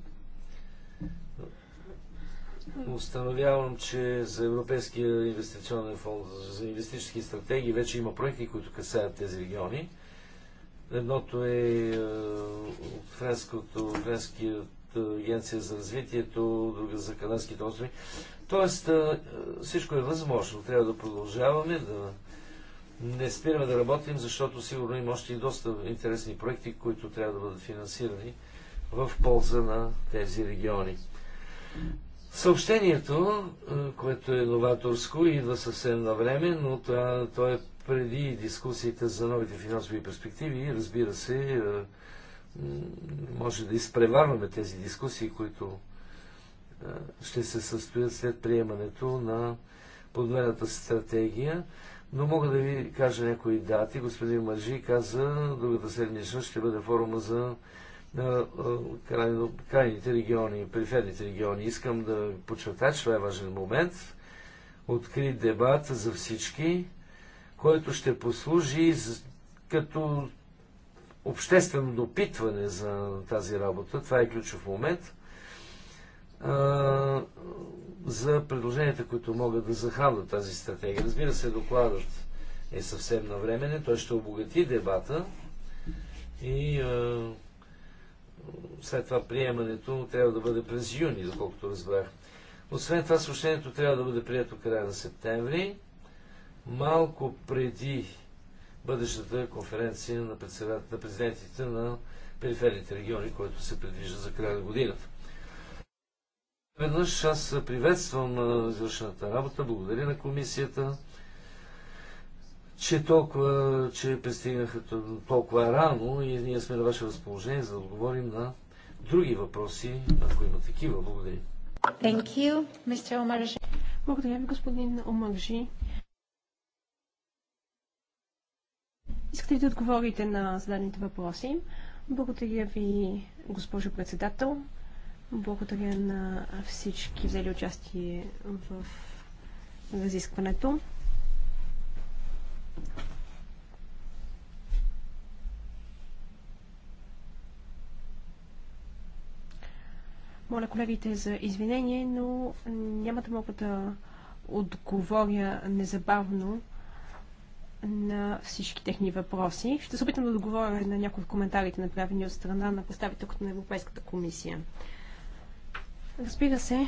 Установявам, че за Европейския инвестиционен фонд, за инвестически стратегии вече има проекти, които касаят тези региони. Едното е, е от френското, френският е, агенция за развитието, друга за канадските острови. Тоест, е, всичко е възможно. Трябва да продължаваме, да не спираме да работим, защото сигурно има още и доста интересни проекти, които трябва да бъдат финансирани в полза на тези региони. Съобщението, което е новаторско, идва съвсем на време, но това, това е преди дискусията за новите финансови перспективи, разбира се, е, може да изпреварваме тези дискусии, които е, ще се състоят след приемането на подведната стратегия. Но мога да ви кажа някои дати. Господин Маржи каза, другата седмична ще бъде форума за е, крайните региони, периферните региони. Искам да подчертая, че това е важен момент. Открит дебат за всички който ще послужи като обществено допитване за тази работа. Това е ключов момент за предложенията, които могат да захранват тази стратегия. Разбира се, докладът е съвсем на време. той ще обогати дебата и след това приемането трябва да бъде през юни, доколкото разбрах. Освен това, съобщението трябва да бъде прието края на септември малко преди бъдещата конференция на, на президентите на периферните региони, който се предвижда за края на годината. Веднъж аз приветствам извършената работа, благодаря на комисията, че толкова, че пристигнаха толкова рано и ние сме на ваше разположение, за да отговорим на други въпроси, ако има такива. Благодаря. Thank you, Mr. Благодаря ви, господин Омагжи. Искате ли да отговорите на зададените въпроси? Благодаря ви, госпожо председател. Благодаря на всички взели участие в разискването. Моля колегите за извинение, но няма да мога да отговоря незабавно на всички техни въпроси. Ще се опитам да отговоря на някои от коментарите, направени от страна на представителката на Европейската комисия. Разбира се,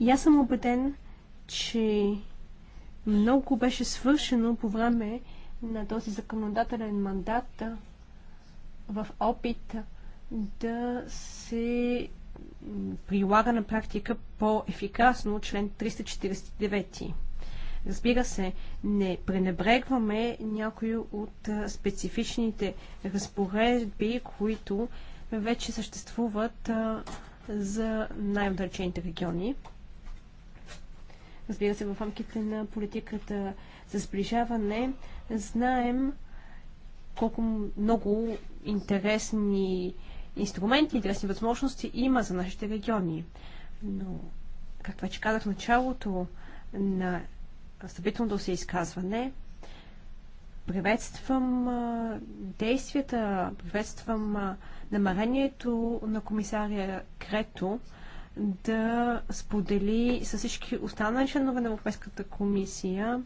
и аз съм убеден, че много беше свършено по време на този законодателен мандат в опит да се прилага на практика по-ефикасно член 349. Разбира се, не пренебрегваме някои от специфичните разпоредби, които вече съществуват за най-отдалечените региони. Разбира се, в рамките на политиката за сближаване знаем колко много интересни инструменти, интересни възможности има за нашите региони. Но, както вече казах в началото на встъпителното се изказване. Приветствам действията, приветствам намерението на комисаря Крето да сподели с всички останали членове на Европейската комисия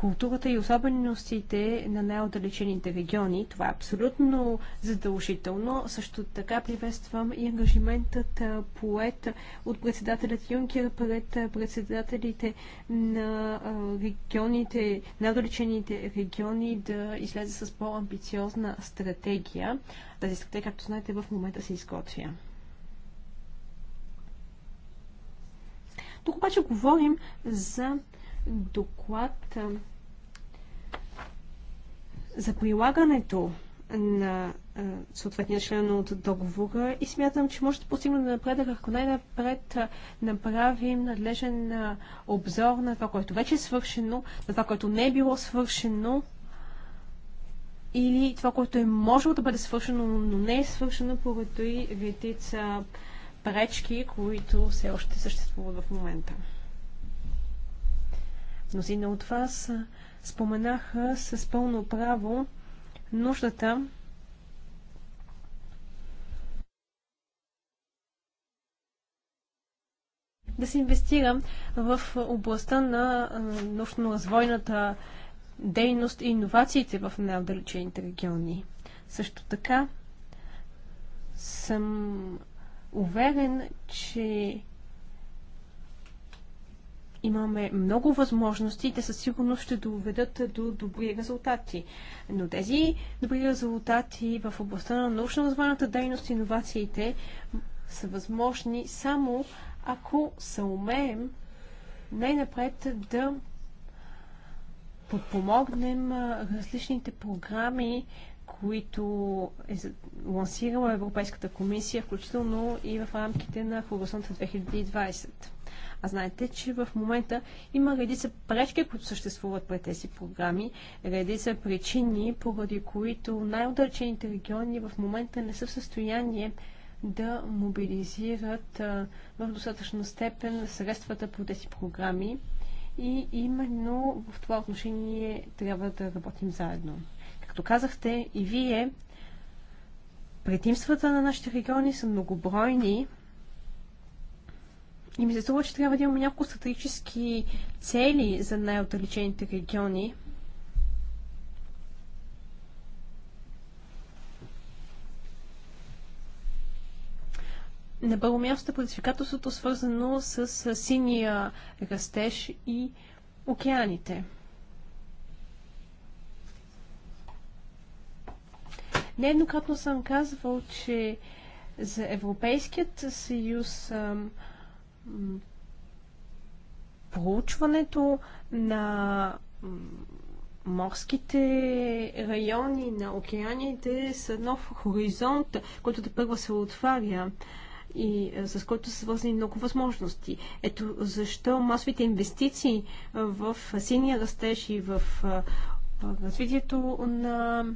културата и особеностите на най-отдалечените региони. Това е абсолютно задължително. Също така приветствам и ангажиментът поет от председателят Юнкер пред председателите на регионите, най-отдалечените региони да излезе с по-амбициозна стратегия. Тази стратегия, както знаете, в момента се изготвя. Тук обаче говорим за доклад за прилагането на съответния член от договора и смятам, че може да постигнем напредък, ако най-напред направим надлежен обзор на това, което вече е свършено, на това, което не е било свършено или това, което е можело да бъде свършено, но не е свършено поради редица пречки, които все още съществуват в момента. Мнозина от вас споменаха с пълно право нуждата да се инвестира в областта на научно-развойната дейност и иновациите в най-отдалечените региони. Също така съм уверен, че имаме много възможности, и те със сигурност ще доведат до добри резултати. Но тези добри резултати в областта на научно-развойната дейност и иновациите са възможни само ако се умеем най-напред да подпомогнем различните програми, които е лансирала Европейската комисия, включително и в рамките на Хоризонта 2020. А знаете, че в момента има редица пречки, които съществуват пред тези програми, редица причини, поради които най-удалечените региони в момента не са в състояние да мобилизират а, в достатъчна степен средствата по тези програми. И именно в това отношение трябва да работим заедно. Както казахте и вие, предимствата на нашите региони са многобройни и ми се струва, че трябва да имаме няколко стратегически цели за най-отдалечените региони. На първо място е предизвикателството свързано с синия растеж и океаните. Нееднократно съм казвал, че за Европейският съюз ам, проучването на морските райони на океаните са нов хоризонт, който да първо се отваря и е, с който са свързани много възможности. Ето защо масовите инвестиции в синия растеж и в е, развитието на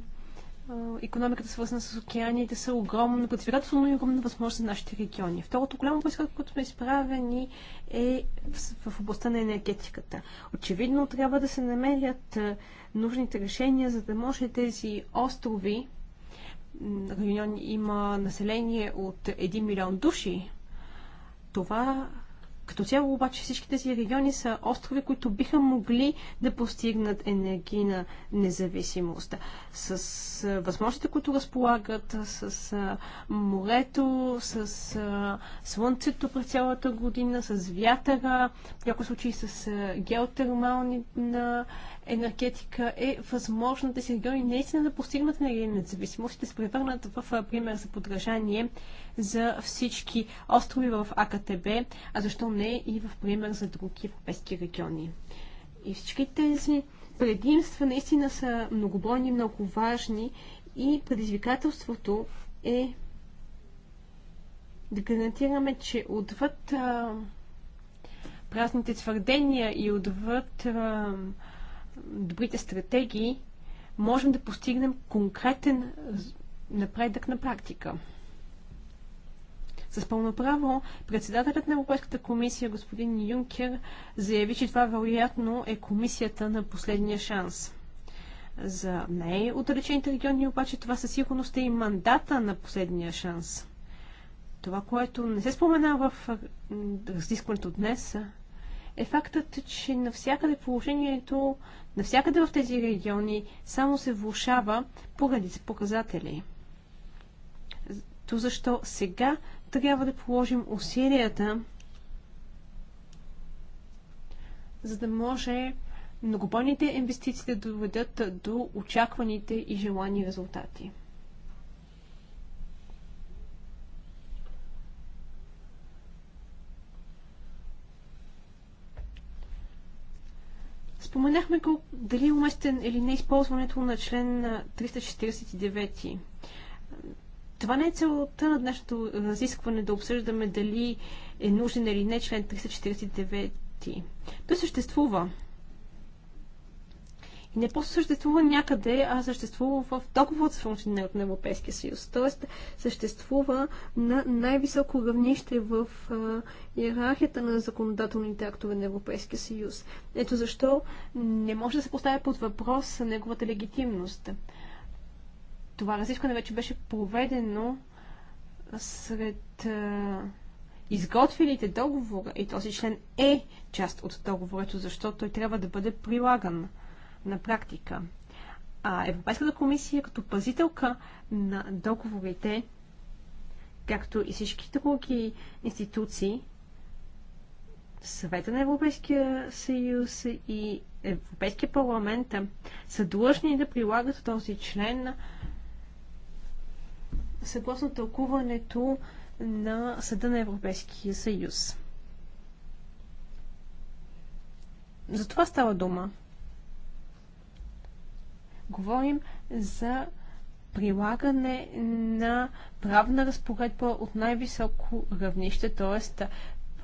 економиката свързана с океаните са огромно предизвикателство, но и огромна възможност за нашите региони. Второто голямо предизвикателство, което сме изправени е в, в областта на енергетиката. Очевидно трябва да се намерят нужните решения, за да може тези острови, район има население от 1 милион души, това като цяло обаче всички тези региони са острови, които биха могли да постигнат енергийна независимост. С възможностите, които разполагат, с морето, с слънцето през цялата година, с вятъра, в някои случаи с геотермални енергетика е възможно да се региони наистина да постигнат енергийна независимост и да се превърнат в пример за подражание за всички острови в АКТБ, а защо не и в пример за други европейски региони. И всички тези предимства наистина са многобройни, много важни и предизвикателството е да гарантираме, че отвъд а, празните твърдения и отвъд а, добрите стратегии, можем да постигнем конкретен напредък на практика. С пълно право, председателят на Европейската комисия, господин Юнкер, заяви, че това вероятно е комисията на последния шанс. За най-отдалечените региони обаче това със сигурност е и мандата на последния шанс. Това, което не се спомена в разискването днес, е фактът, че навсякъде положението навсякъде в тези региони само се влушава поради показатели. То защо сега трябва да положим усилията, за да може многобойните инвестиции да доведат до очакваните и желани резултати. Споменахме го дали е уместен или не използването на член 349. Това не е целта на днешното разискване да обсъждаме дали е нужен или не член 349. Той съществува не просто съществува някъде, а съществува в договор за функционирането на Европейския съюз. Тоест, съществува на най-високо равнище в иерархията на законодателните актове на Европейския съюз. Ето защо не може да се поставя под въпрос неговата легитимност. Това разискване вече беше проведено сред изготвилите договора и този член е част от договорето, защото той трябва да бъде прилаган на практика. А Европейската комисия като пазителка на договорите, както и всички други институции, Съвета на Европейския съюз и Европейския парламент са длъжни да прилагат този член съгласно тълкуването на Съда на Европейския съюз. За това става дума. Говорим за прилагане на правна разпоредба от най-високо равнище, т.е.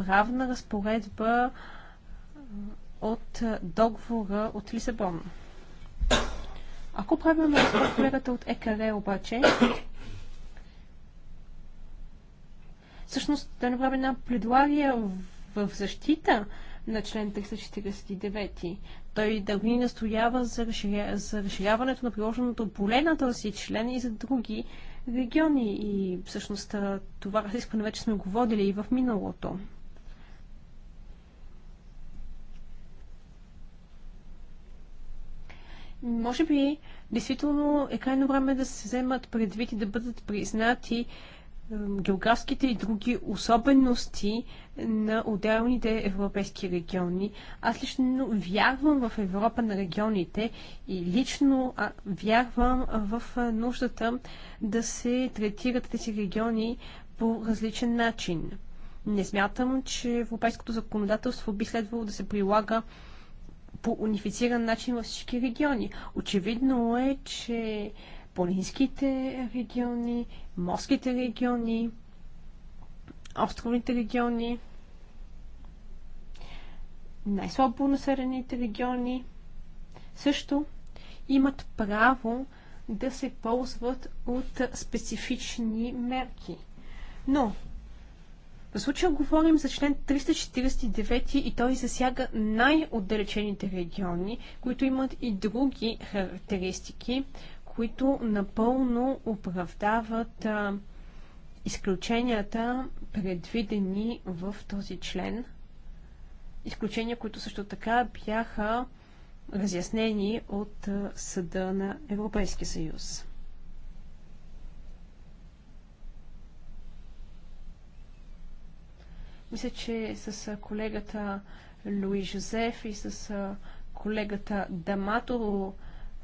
правна разпоредба от договора от Лисабон. Ако правилно разпоредбата от ЕКР обаче, всъщност да направим една предлагия в защита на член 349. Той ви настоява за, разширя... за разширяването на приложеното поле на този член и за други региони. И всъщност това разискване вече сме го водили и в миналото. Може би, действително е крайно време да се вземат предвид и да бъдат признати географските и други особености на отделните европейски региони. Аз лично вярвам в Европа на регионите и лично вярвам в нуждата да се третират тези региони по различен начин. Не смятам, че европейското законодателство би следвало да се прилага по унифициран начин във всички региони. Очевидно е, че планинските региони, морските региони, островните региони, най-слабо населените региони също имат право да се ползват от специфични мерки. Но, в случая говорим за член 349 и той засяга най-отдалечените региони, които имат и други характеристики, които напълно оправдават а, изключенията, предвидени в този член. Изключения, които също така бяха разяснени от Съда на Европейския съюз. Мисля, че с колегата Луи Жозеф и с колегата Даматово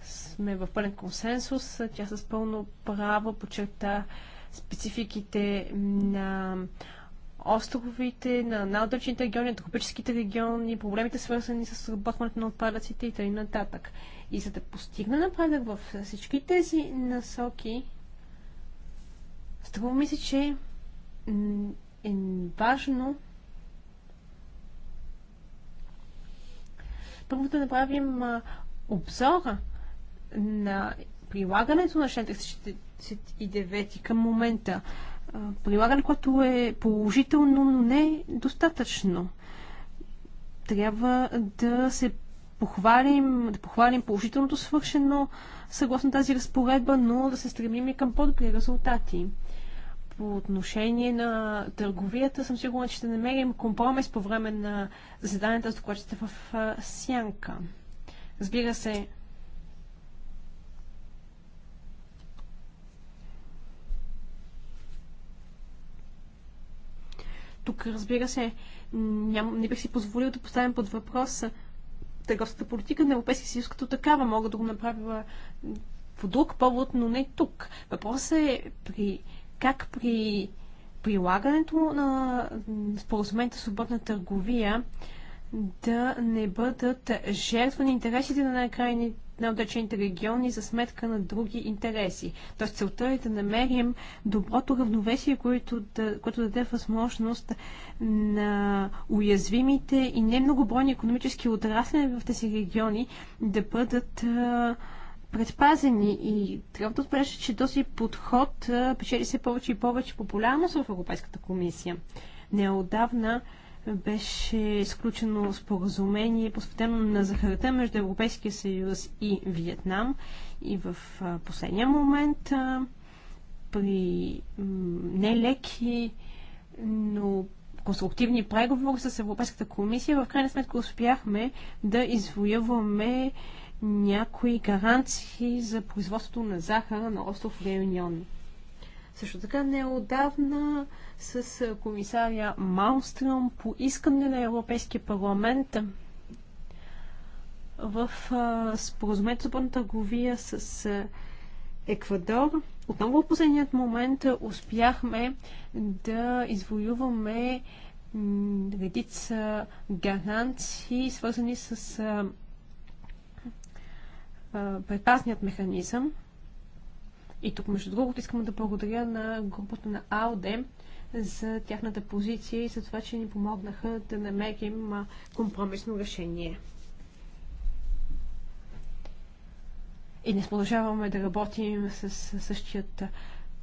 сме в пълен консенсус. Тя с пълно право почерта спецификите на островите, на най-отдалечените региони, на тропическите региони, проблемите свързани с работването на отпадъците и т.н. И за да постигне напредък в всички тези насоки, струва ми се, че е важно първо да направим обзора на прилагането на член 39 към момента. Прилагане, което е положително, но не достатъчно. Трябва да се похвалим, да похвалим положителното свършено съгласно тази разпоредба, но да се стремим и към по-добри резултати. По отношение на търговията съм сигурна, че ще намерим компромис по време на заданията с докладчета в Сянка. Разбира се, Тук, разбира се, ням, не бих си позволил да поставям под въпрос търговската политика на Европейския съюз като такава. Мога да го направя по друг повод, но не тук. Въпросът е при, как при прилагането на споразумението свободна търговия да не бъдат жертвани интересите на крайните на отдачените региони за сметка на други интереси. Тоест целта е да намерим доброто равновесие, което да, което даде възможност на уязвимите и не многобройни економически отрасли в тези региони да бъдат предпазени и трябва да отбележа, че този подход печели се повече и повече популярност в Европейската комисия. Неодавна беше изключено споразумение, посветено на захарата между Европейския съюз и Виетнам. И в последния момент при нелеки, но конструктивни преговори с Европейската комисия, в крайна сметка успяхме да извоюваме някои гаранции за производството на захара на остров Реюнион. Също така неодавна с комисаря Малстром по искане на Европейския парламент в споразумението за търговия с Еквадор. Отново в последният момент успяхме да извоюваме редица гаранции, свързани с предпазният механизъм. И тук, между другото, искам да благодаря на групата на АОДЕ за тяхната позиция и за това, че ни помогнаха да намерим компромисно решение. И не продължаваме да работим с същият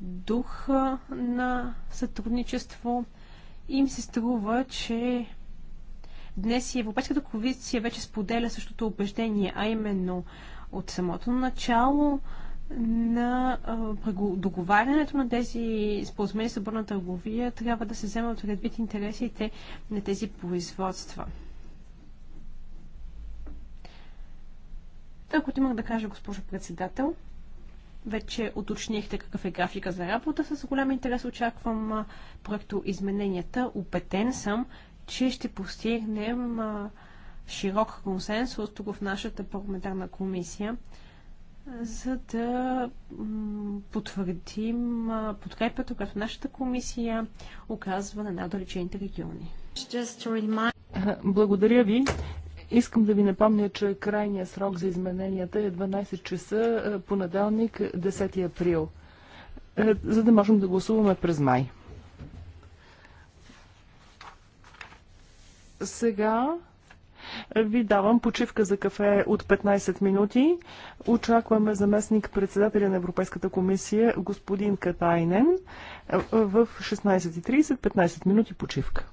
дух на сътрудничество. И им се струва, че днес и Европейската комисия вече споделя същото убеждение, а именно от самото начало на договарянето на тези споразумения за бърна търговия трябва да се вземат предвид интересите на тези производства. Така което имах да кажа, госпожо председател, вече уточнихте какъв е графика за работа. С голям интерес очаквам проекто измененията. Опетен съм, че ще постигнем широк консенсус тук в нашата парламентарна комисия за да потвърдим подкрепата, която нашата комисия оказва на най-далечените региони. Е, благодаря ви. Искам да ви напомня, че крайният срок за измененията е 12 часа е, понеделник 10 април, е, за да можем да гласуваме през май. Сега ви давам почивка за кафе от 15 минути. Очакваме заместник председателя на Европейската комисия господин Катайнен в 16.30, 15 минути почивка.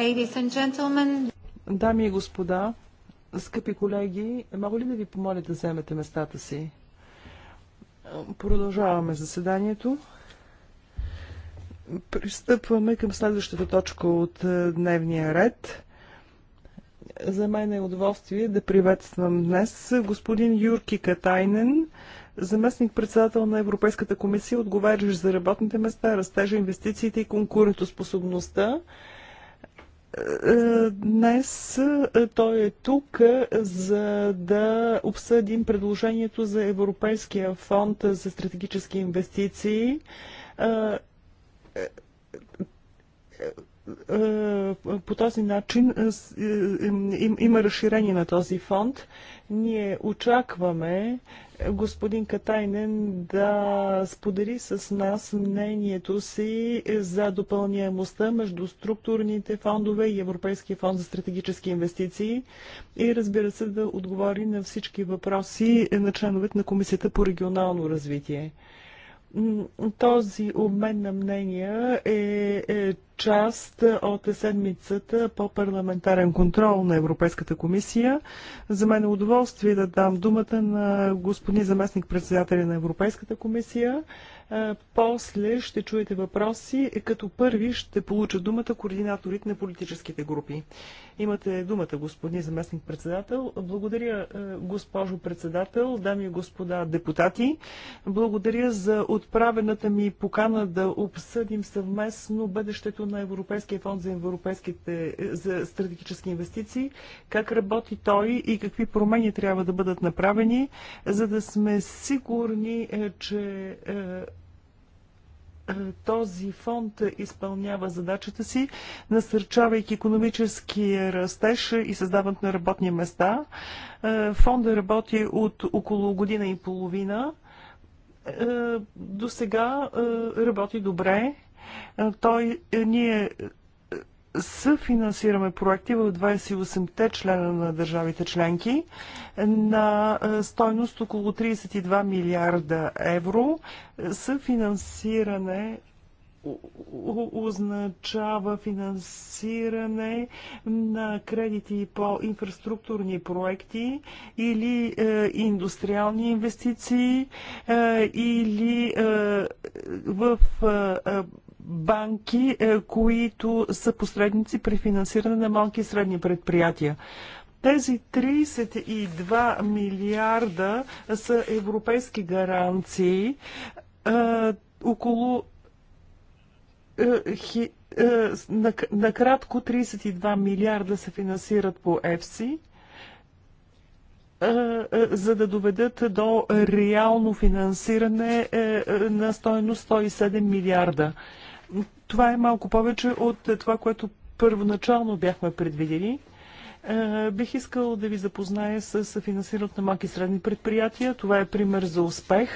Ladies and gentlemen. Дами и господа, скъпи колеги, мога ли да ви помоля да вземете местата си? Продължаваме заседанието. Пристъпваме към следващата точка от е, дневния ред. За мен е удоволствие да приветствам днес господин Юрки Катайнен, заместник-председател на Европейската комисия, отговарящ за работните места, растежа, инвестициите и конкурентоспособността. способността е, днес е, той е тук, е, за да обсъдим предложението за Европейския фонд за стратегически инвестиции е, е, по този начин е, има разширение на този фонд. Ние очакваме господин Катайнен да сподели с нас мнението си за допълняемостта между структурните фондове и Европейския фонд за стратегически инвестиции и разбира се да отговори на всички въпроси на членовете на Комисията по регионално развитие. Този обмен на мнения е, е част от седмицата по парламентарен контрол на Европейската комисия. За мен е удоволствие да дам думата на господин заместник председателя на Европейската комисия. Е, после ще чуете въпроси. Като първи ще получа думата координаторите на политическите групи. Имате думата, господин заместник председател. Благодаря, е, госпожо председател, дами и господа депутати. Благодаря за отправената ми покана да обсъдим съвместно бъдещето на Европейския фонд за, европейските, за стратегически инвестиции, как работи той и какви промени трябва да бъдат направени, за да сме сигурни, е, че е, е, този фонд изпълнява задачата си, насърчавайки економически растеж и създаването на работни места. Фонда работи от около година и половина. До сега работи добре. Е, той, е, ние е, съфинансираме проекти в 28-те члена на държавите членки на стойност около 32 милиарда евро. Съфинансиране означава финансиране на кредити по инфраструктурни проекти или е, индустриални инвестиции е, или е, в е, банки, е, които са посредници при финансиране на малки и средни предприятия. Тези 32 милиарда са европейски гаранции. Е, около е, накратко 32 милиарда се финансират по ЕФСИ за да доведат до реално финансиране на стоеност 107 милиарда. Това е малко повече от това, което първоначално бяхме предвидели. Е, бих искал да ви запозная с финансирането на малки и средни предприятия. Това е пример за успех.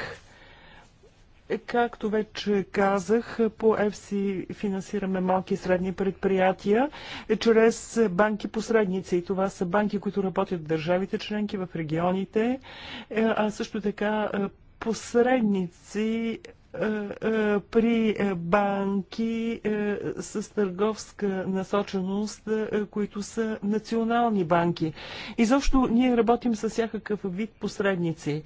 Както вече казах, по ЕФСИ финансираме малки и средни предприятия е, чрез банки посредници. това са банки, които работят в държавите членки, в регионите, е, а също така посредници е, е, при е, банки с търговска насоченост, които са национални банки. Изобщо ние работим с всякакъв вид посредници.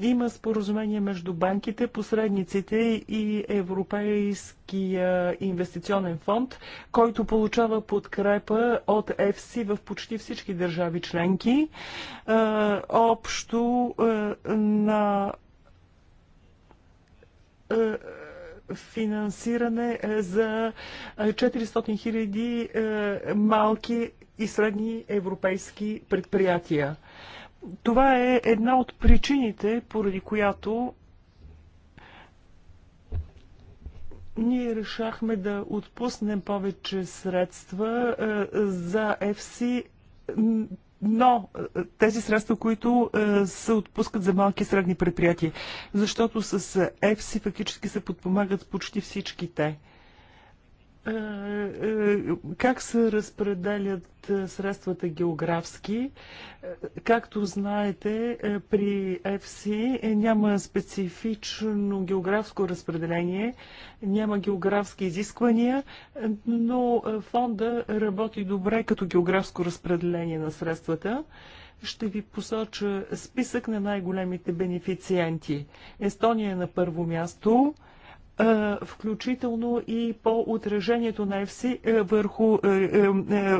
Има споразумение между банките, посредниците и Европейския инвестиционен фонд, който получава подкрепа от ЕФСИ в почти всички държави членки. Общо на е, финансиране е, за 400 е, хиляди малки и средни европейски предприятия. Това е една от причините, поради която ние решахме да отпуснем повече средства за FC но е, е, тези средства, които е, се отпускат за малки и средни предприятия, защото с ЕФСИ фактически се подпомагат почти всички те. Е, е, как се разпределят е, средствата географски. Както знаете, при FC няма специфично географско разпределение, няма географски изисквания, но фонда работи добре като географско разпределение на средствата ще ви посоча списък на най-големите бенефициенти. Естония е на първо място, включително и по отражението на ЕФСИ е, върху е, е,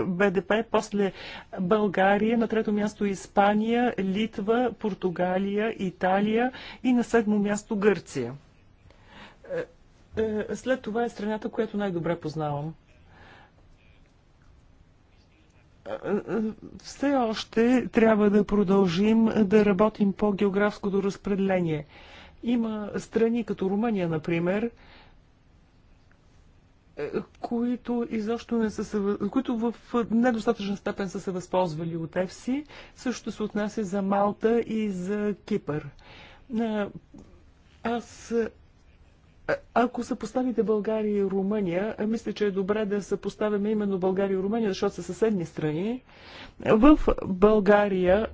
БДП, после България, на трето място Испания, Литва, Португалия, Италия и на седмо място Гърция. След това е страната, която най-добре познавам все още трябва да продължим да работим по географското разпределение. Има страни като Румъния, например, е, които изобщо не са, които в недостатъчна степен са се възползвали от ЕФСИ, също се отнася за Малта и за Кипър. Е, аз е, ако съпоставите България и Румъния, мисля, че е добре да съпоставяме именно България и Румъния, защото са съседни страни. В България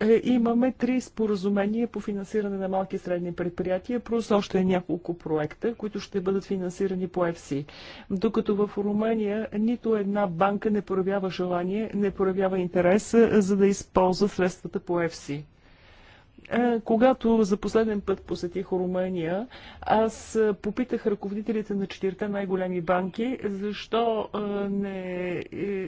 е, имаме три споразумения по финансиране на малки и средни предприятия, плюс още няколко проекта, които ще бъдат финансирани по ЕФСИ. Докато в Румъния нито една банка не проявява желание, не проявява интерес, е, за да използва средствата по ЕФСИ. Е, когато за последен път посетих Румъния, аз е, попитах ръководителите на четирите най-големи банки, защо е, не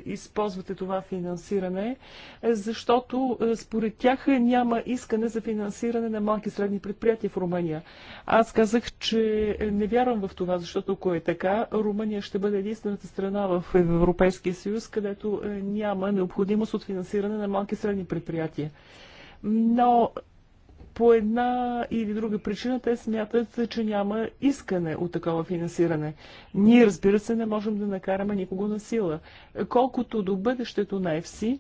използвате това финансиране, защото според тях няма искане за финансиране на малки и средни предприятия в Румъния. Аз казах, че не вярвам в това, защото ако е така, Румъния ще бъде единствената страна в Европейския съюз, където няма необходимост от финансиране на малки и средни предприятия но по една или друга причина те смятат, че няма искане от такова финансиране. Ние, разбира се, не можем да накараме никого на сила. Колкото до бъдещето на ЕФСИ,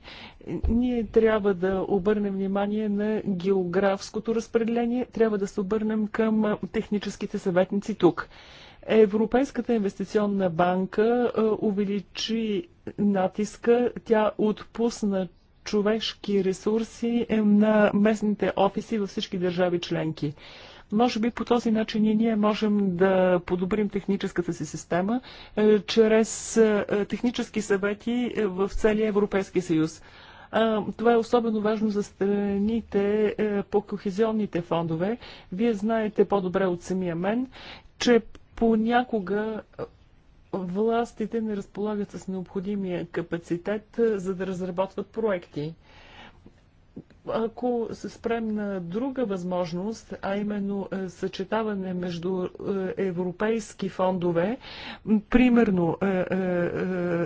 ние трябва да обърнем внимание на географското разпределение, трябва да се обърнем към техническите съветници тук. Европейската инвестиционна банка е, увеличи натиска, тя отпусна човешки ресурси е на местните офиси във всички държави членки. Може би по този начин и ние можем да подобрим техническата си система е, чрез е, технически съвети в целия Европейски съюз. Това е особено важно за страните по кохезионните фондове. Вие знаете по-добре от самия мен, че понякога властите не разполагат с необходимия капацитет, за да разработват проекти. Ако се спрем на друга възможност, а именно съчетаване между европейски фондове, примерно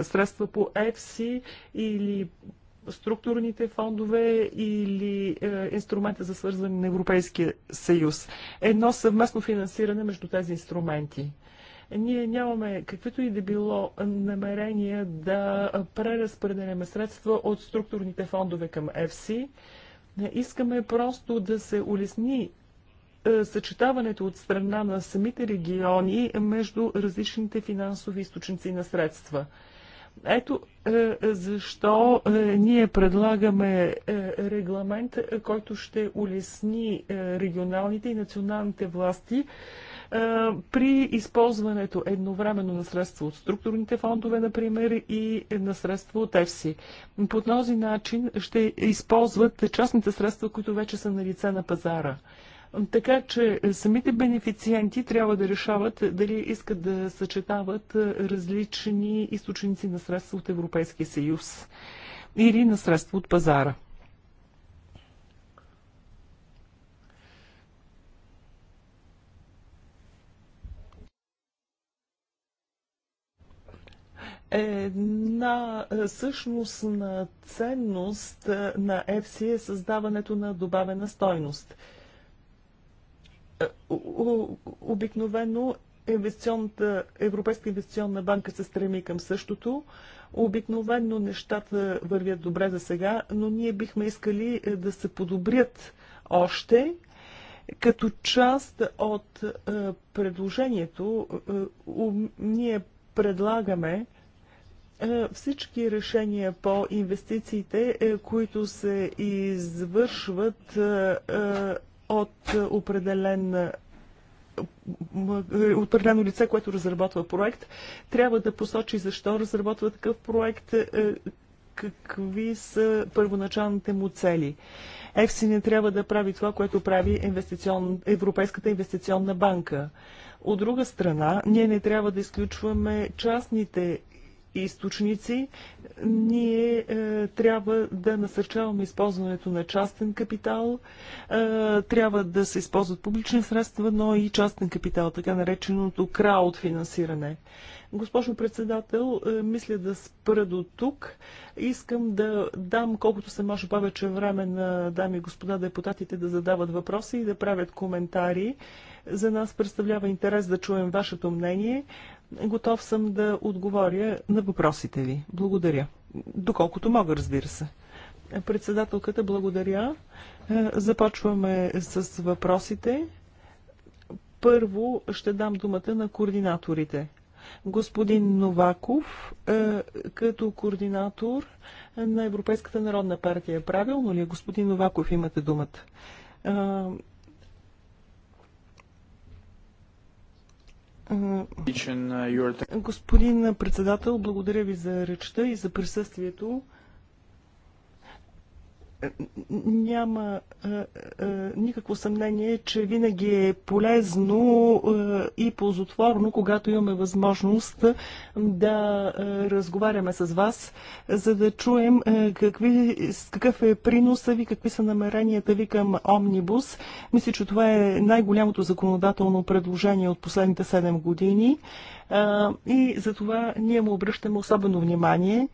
средства по Ефси или структурните фондове или е, инструмента за свързване на Европейския съюз. Едно съвместно финансиране между тези инструменти. Ние нямаме каквито и да било намерения да преразпределяме средства от структурните фондове към ЕФСИ. Искаме просто да се улесни е, съчетаването от страна на самите региони между различните финансови източници на средства. Ето е, защо е, ние предлагаме регламент, който ще улесни регионалните и националните власти при използването едновременно на средства от структурните фондове, например, и на средства от ЕФСИ. По този начин ще използват частните средства, които вече са на лице на пазара. Така че самите бенефициенти трябва да решават дали искат да съчетават различни източници на средства от Европейския съюз или на средства от пазара. Една е, същност е, на ценност на FC е създаването на добавена стойност. Е, обикновено Европейска инвестиционна банка се стреми към същото. Обикновено нещата вървят добре за сега, но ние бихме искали да се подобрят още като част от предложението. Ние предлагаме е, всички решения по инвестициите, е, които се извършват е, от определен определено лице, което разработва проект, трябва да посочи защо разработва такъв проект, какви са първоначалните му цели. ЕФСИ не трябва да прави това, което прави инвестицион... Европейската инвестиционна банка. От друга страна, ние не трябва да изключваме частните източници. Ние е, трябва да насърчаваме използването на частен капитал, е, трябва да се използват публични средства, но и частен капитал, така нареченото крауд финансиране. Госпожо председател, е, мисля да спра до тук. Искам да дам колкото се може повече време на дами и господа депутатите да задават въпроси и да правят коментари. За нас представлява интерес да чуем вашето мнение. Готов съм да отговоря на въпросите ви. Благодаря. Доколкото мога, разбира се. Председателката, благодаря. Е, започваме с въпросите. Първо ще дам думата на координаторите. Господин Новаков, е, като координатор на Европейската народна партия, правилно ли? Е? Господин Новаков, имате думата. Господин председател, благодаря ви за речта и за присъствието няма никакво съмнение, че винаги е полезно и ползотворно, когато имаме възможност да разговаряме с вас, за да чуем какви, какъв е приноса ви, какви са намеренията ви към Омнибус. Мисля, че това е най-голямото законодателно предложение от последните 7 години и за това ние му обръщаме особено внимание.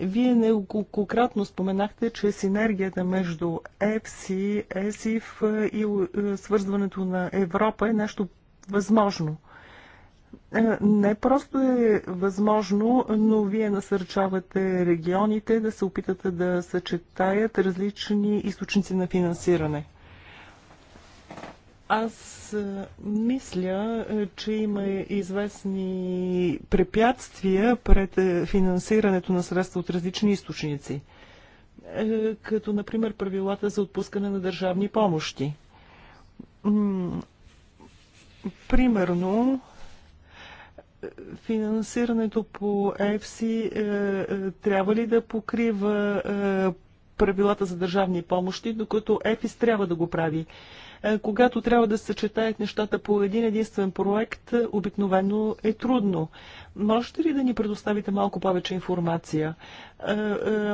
Вие неколкократно споменахте, че синергията между ЕФСИ, ЕСИФ и е, свързването на Европа е нещо възможно. Е, не просто е възможно, но вие насърчавате регионите да се опитате да съчетаят различни източници на финансиране. Аз е, мисля, е, че има известни препятствия пред е, финансирането на средства от различни източници, като например правилата за отпускане на държавни помощи. Примерно, финансирането по ЕФСИ трябва ли да покрива правилата за държавни помощи, докато ЕФИС трябва да го прави. Е, когато трябва да съчетаят нещата по един единствен проект, е, обикновено е трудно. Можете ли да ни предоставите малко повече информация? Е,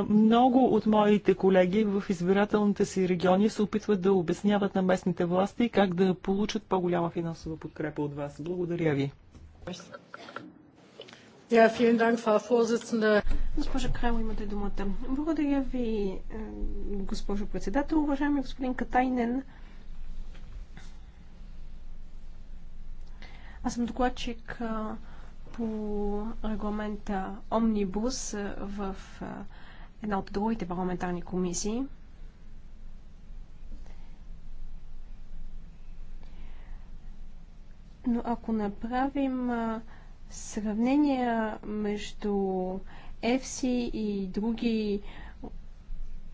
много от моите колеги в избирателните си региони се опитват да обясняват на местните власти как да получат по-голяма финансова подкрепа от вас. Благодаря ви. Yeah, госпожа Крайло, имате думата. Благодаря ви, госпожо председател. Уважаеми господин Катайнен, Аз съм докладчик по регламента Омнибус в една от другите парламентарни комисии. Но ако направим сравнения между EFSI и други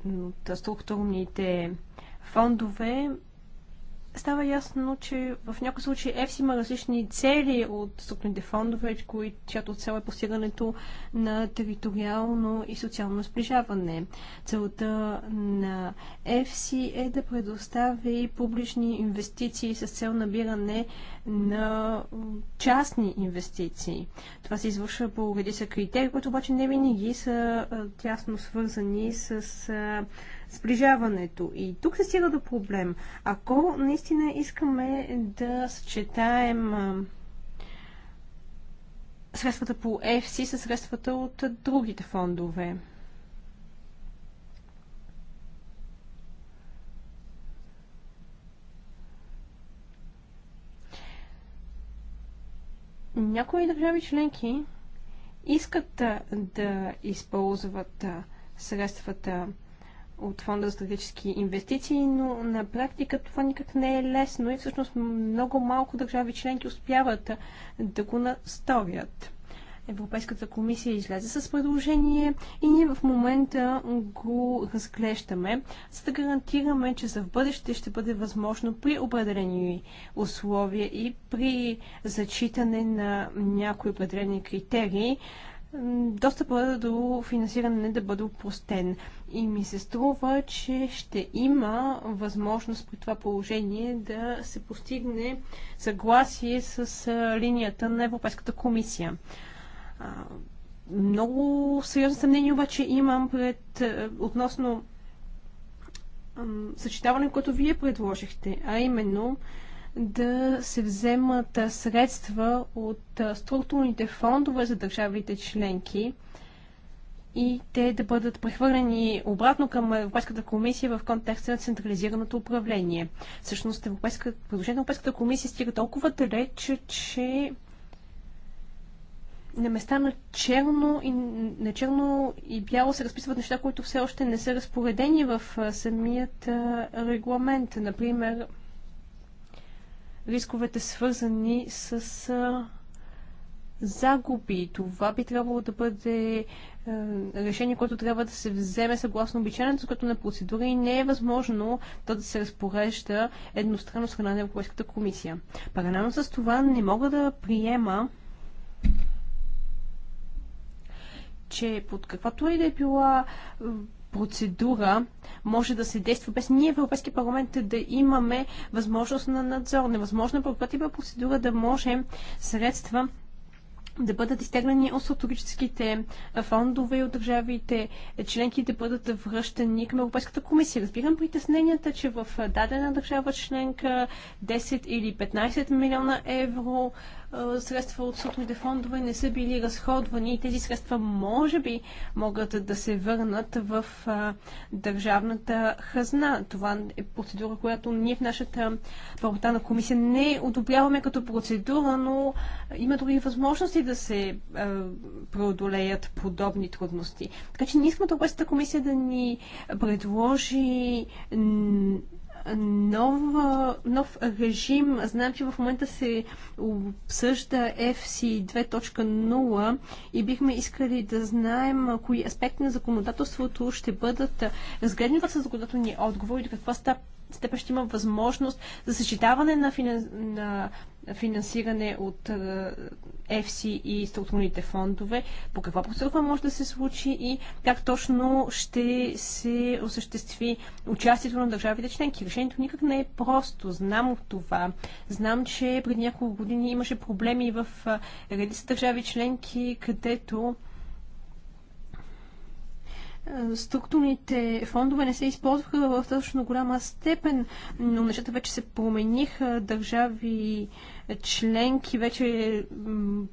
от структурните фондове, става ясно, че в някои случаи ЕФС има различни цели от структурните фондове, чиято цел е постигането на териториално и социално сближаване. Целта на ЕФС е да предостави публични инвестиции с цел набиране на частни инвестиции. Това се извършва по редица критерии, които обаче не винаги са тясно свързани с сближаването. И тук се стига до проблем. Ако наистина искаме да съчетаем средствата по EFC с средствата от другите фондове. Някои държави членки искат да използват средствата от Фонда за стратегически инвестиции, но на практика това никак не е лесно и всъщност много малко държави членки успяват да го наставят. Европейската комисия излезе с предложение и ние в момента го разглеждаме, за да гарантираме, че за в бъдеще ще бъде възможно при определени условия и при зачитане на някои определени критерии достъпа до финансиране да бъде упростен. И ми се струва, че ще има възможност при това положение да се постигне съгласие с линията на Европейската комисия. Много сериозно съмнение обаче имам пред, относно съчетаване, което вие предложихте, а именно да се вземат средства от структурните фондове за държавите членки и те да бъдат прехвърлени обратно към Европейската комисия в контекста на централизираното управление. Всъщност предложението на Европейската комисия стига толкова далеч, че на места на черно и, на черно и бяло се разписват неща, които все още не са разпоредени в самият регламент. Например, рисковете свързани с а, загуби. Това би трябвало да бъде а, решение, което трябва да се вземе съгласно обичайната, като на процедура и не е възможно то да се разпорежда едностранно страна на Европейската комисия. Паранално с това не мога да приема че под каквато и да е била процедура може да се действа без ние в Европейски парламент да имаме възможност на надзор. Невъзможно е по процедура да можем средства да бъдат изтегнани от стратегическите фондове и от държавите членки да бъдат връщани към Европейската комисия. Разбирам притесненията, че в дадена държава членка 10 или 15 милиона евро средства от сутните фондове не са били разходвани и тези средства може би могат да се върнат в държавната хазна. Това е процедура, която ние в нашата парламентарна комисия не одобряваме като процедура, но има други възможности да се преодолеят подобни трудности. Така че не искаме Европейската комисия да ни предложи нова, нов режим. Знам, че в момента се обсъжда FC 2.0 и бихме искали да знаем кои аспекти на законодателството ще бъдат разгледани в законодателния отговор и до каква степен ще има възможност за съчетаване на, финанс... на финансиране от е, ЕФСИ и структурните фондове, по каква процедура може да се случи и как точно ще се осъществи участието на държавите членки. Решението никак не е просто. Знам от това. Знам, че преди няколко години имаше проблеми в е, редица държави членки, където структурните фондове не се използваха в достатъчно голяма степен, но нещата вече се промениха. Държави членки вече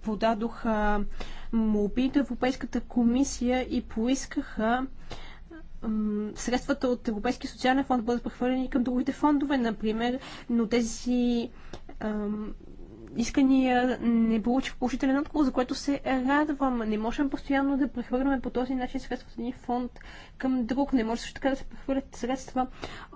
подадоха молби до Европейската комисия и поискаха средствата от Европейския социален фонд бъдат прехвърлени към другите фондове, например, но тези искания не получих положителен отговор, за което се радвам. Не можем постоянно да прехвърляме по този начин средства от един фонд към друг. Не може също така да се прехвърлят средства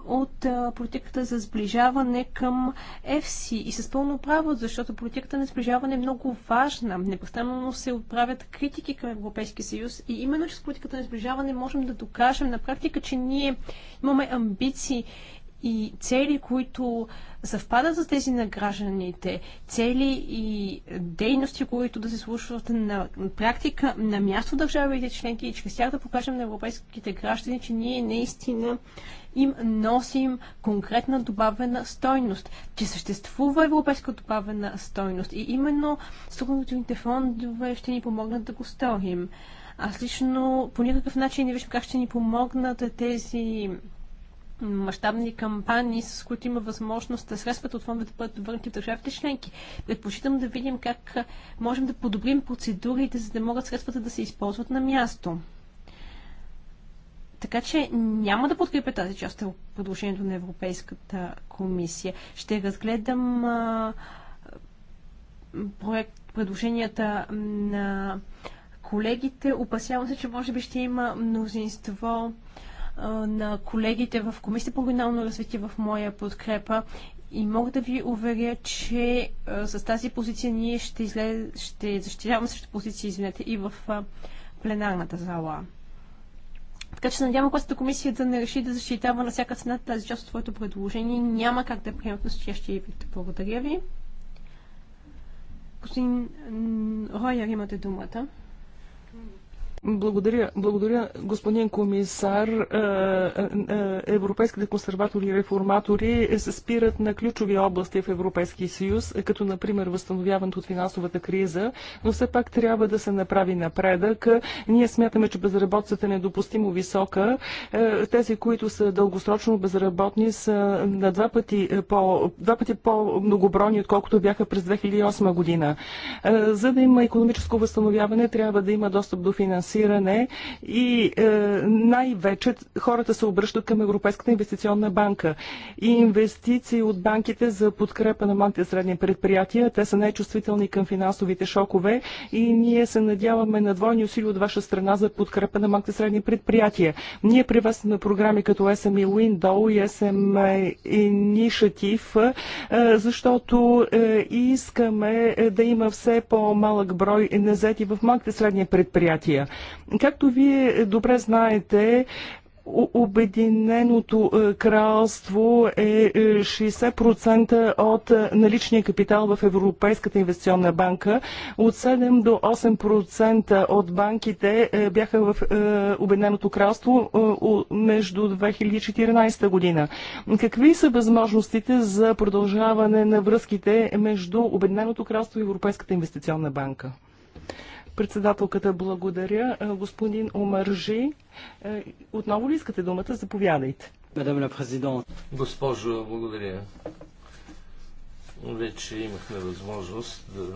от политиката за сближаване към ЕФСИ. И с пълно право, защото политиката на сближаване е много важна. Непрестанно се отправят критики към Европейския съюз и именно чрез политиката на сближаване можем да докажем на практика, че ние имаме амбиции и цели, които съвпадат с тези на гражданите, цели и дейности, които да се случват на практика на място в държавите членки и чрез тях да покажем на европейските граждани, че ние наистина им носим конкретна добавена стойност, че съществува европейска добавена стойност и именно структурните фондове ще ни помогнат да го сторим. Аз лично по никакъв начин не виждам как ще ни помогнат тези мащабни кампании, с които има възможност да средствата от фонда да бъдат върнати в държавите членки. Предпочитам да видим как можем да подобрим процедурите, за да могат средствата да се използват на място. Така че няма да подкрепя тази част от предложението на Европейската комисия. Ще разгледам а, проект, предложенията на колегите. Опасявам се, че може би ще има мнозинство на колегите в Комисията по регионално развитие в моя подкрепа и мога да ви уверя, че а, с тази позиция ние ще, излез, ще защитаваме същата позиция, извинете, и в а, пленарната зала. Така че надявам, когато комисията не реши да защитава на всяка цена тази част от твоето предложение, няма как да приемат настоящия вид. Благодаря ви. Господин Ройер, имате думата. Благодаря, благодаря господин комисар. Е, е, е, европейските консерватори и реформатори се спират на ключови области в Европейския съюз, като например възстановяването от финансовата криза, но все пак трябва да се направи напредък. Ние смятаме, че безработицата е недопустимо висока. Тези, които са дългосрочно безработни, са на два пъти, по, два пъти по-многобройни, отколкото бяха през 2008 година. За да има економическо възстановяване, трябва да има достъп до финансиране финансиране и е, най-вече хората се обръщат към Европейската инвестиционна банка. И инвестиции от банките за подкрепа на малките средни предприятия, те са най-чувствителни към финансовите шокове и ние се надяваме на двойни усилия от ваша страна за подкрепа на малките средни предприятия. Ние приветстваме програми като SME Window и SME Initiative, е, защото е, искаме е, да има все по-малък брой незети в малките средни предприятия. Както вие добре знаете, Обединеното е, кралство е 60% е, от е, наличния капитал в Европейската инвестиционна банка. От 7 до 8% от банките бяха в Обединеното кралство между 2014 година. Какви са възможностите за продължаване на връзките между Обединеното кралство и Европейската инвестиционна банка? Председателката благодаря. Е, господин Омържи, е, отново ли искате думата? Заповядайте. Мадам ла президент. Госпожо, благодаря. Вече имахме възможност да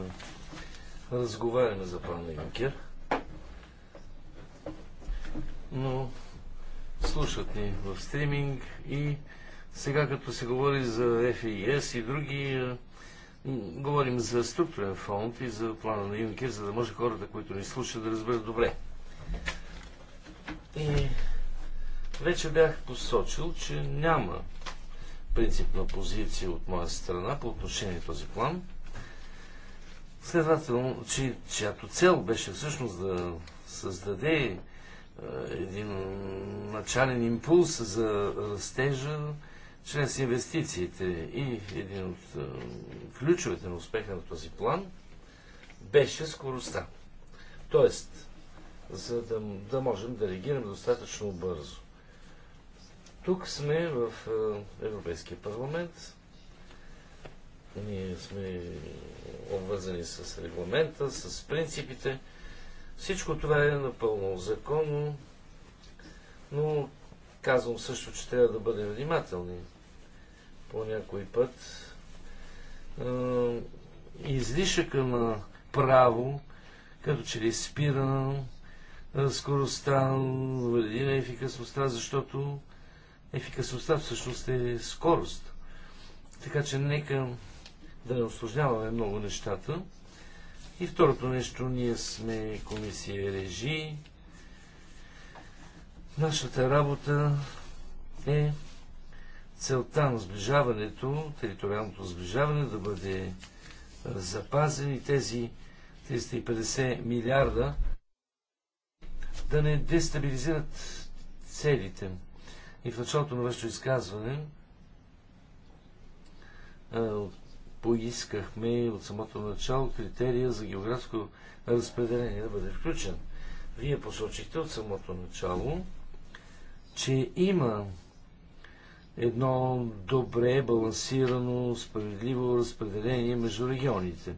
разговаряме за плана Юнкер. Но слушат ни в стриминг и сега като се говори за FIS и други е, Говорим за структурен фонд и за плана на Юнкер, за да може хората, които ни слушат, да разберат добре. И вече бях посочил, че няма принципна позиция от моя страна по отношение на този план. Следователно, че, чиято цел беше всъщност да създаде е, един начален импулс за растежа, член с инвестициите и един от ключовете на успеха на този план беше скоростта. Тоест, за да, да можем да реагираме достатъчно бързо. Тук сме в Европейския парламент. Ние сме обвързани с регламента, с принципите. Всичко това е напълно законно, но Казвам също, че трябва да бъдем внимателни по някой път. Излишъка на право, като че ли спира скоростта, вреди на ефикасността, защото ефикасността всъщност е скорост. Така че нека да не осложняваме много нещата. И второто нещо, ние сме комисия режи, Нашата работа е целта на сближаването, териториалното сближаване да бъде запазен и тези 350 милиарда да не дестабилизират целите. И в началото на вашето изказване поискахме от самото начало критерия за географско разпределение да бъде включен. Вие посочихте от самото начало, че има едно добре балансирано, справедливо разпределение между регионите.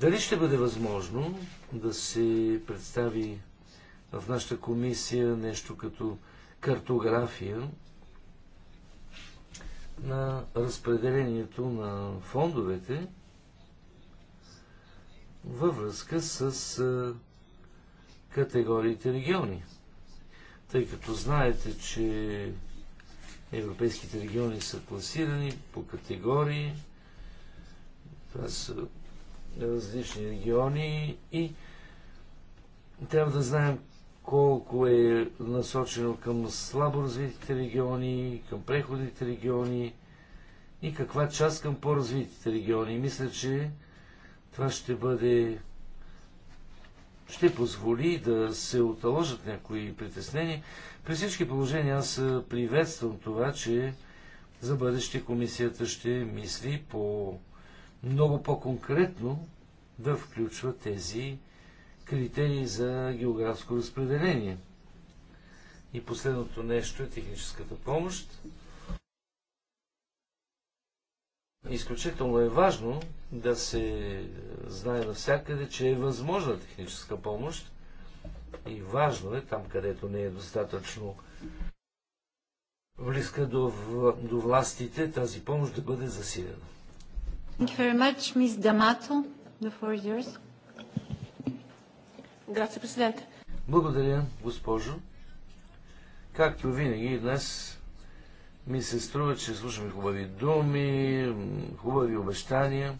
Дали ще бъде възможно да се представи в нашата комисия нещо като картография на разпределението на фондовете във връзка с категориите региони? Тъй като знаете, че европейските региони са класирани по категории, това са различни региони и трябва да знаем колко е насочено към слабо развитите региони, към преходните региони и каква част към по-развитите региони. Мисля, че това ще бъде ще позволи да се отложат някои притеснения. При всички положения аз приветствам това, че за бъдеще комисията ще мисли по много по-конкретно да включва тези критерии за географско разпределение. И последното нещо е техническата помощ. Изключително е важно да се знае навсякъде, че е възможна техническа помощ и важно е там, където не е достатъчно близка до, до властите, тази помощ да бъде засилена. Thank you very much, Ms. D'Amato. The floor is yours. Благодаря, госпожо. Както винаги, днес ми се струва, че слушаме хубави думи, хубави обещания,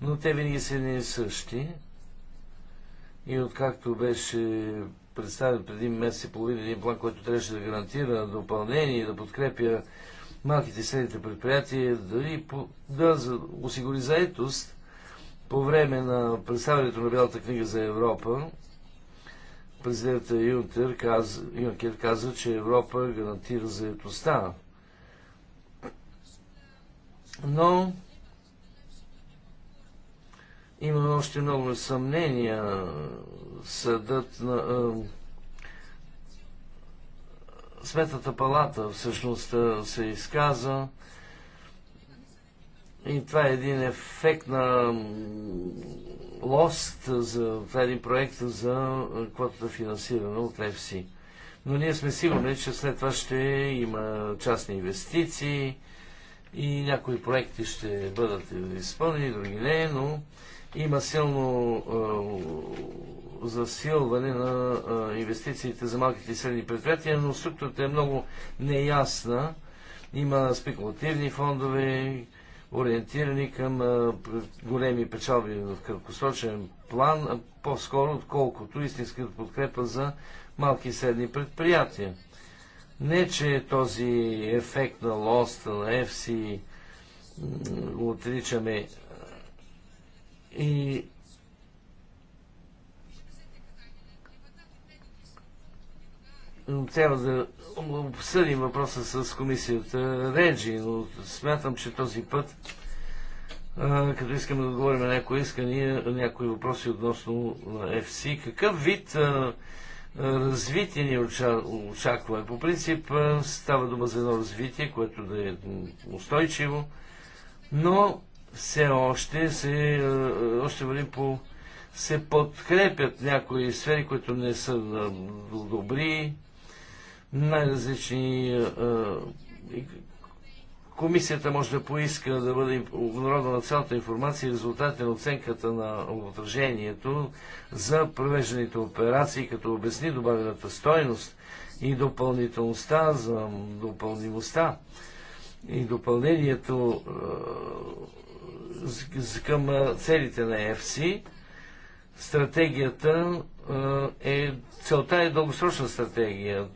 но те винаги са едни и същи. И откакто беше представен преди месец и половина един план, който трябваше да гарантира допълнение и да подкрепя малките и средните предприятия, да по, да осигури заетост по време на представянето на Бялата книга за Европа, президента Юнкер каза, Юнкер каза, че Европа гарантира заетостта. Но има още много съмнения. Съдът на... Светата палата всъщност се изказа. И това е един ефект на лост, за, това е един проект за квотата финансиране от ЕФСИ. Но ние сме сигурни, че след това ще има частни инвестиции, и някои проекти ще бъдат изпълнени, други не, но има силно засилване на инвестициите за малките и средни предприятия, но структурата е много неясна. Има спекулативни фондове, ориентирани към големи печалби в краткосрочен план, по-скоро отколкото истинската подкрепа за малки и средни предприятия. Не, че този ефект на лоста, на FC го отричаме. И трябва да обсъдим въпроса с комисията Реджи, но смятам, че този път, като искаме да отговорим на някои искания, някои въпроси относно FC, какъв вид а, развитие ни очакваме. По принцип става дума за едно развитие, което да е устойчиво, но все още се, още вървим по се подкрепят някои сфери, които не са добри, най-различни Комисията може да поиска да бъде обнародвана цялата информация и резултатите на оценката на отражението за провежданите операции, като обясни добавената стойност и допълнителността за допълнимостта и допълнението е, към целите на Ефси, Стратегията е, целта е дългосрочна стратегия.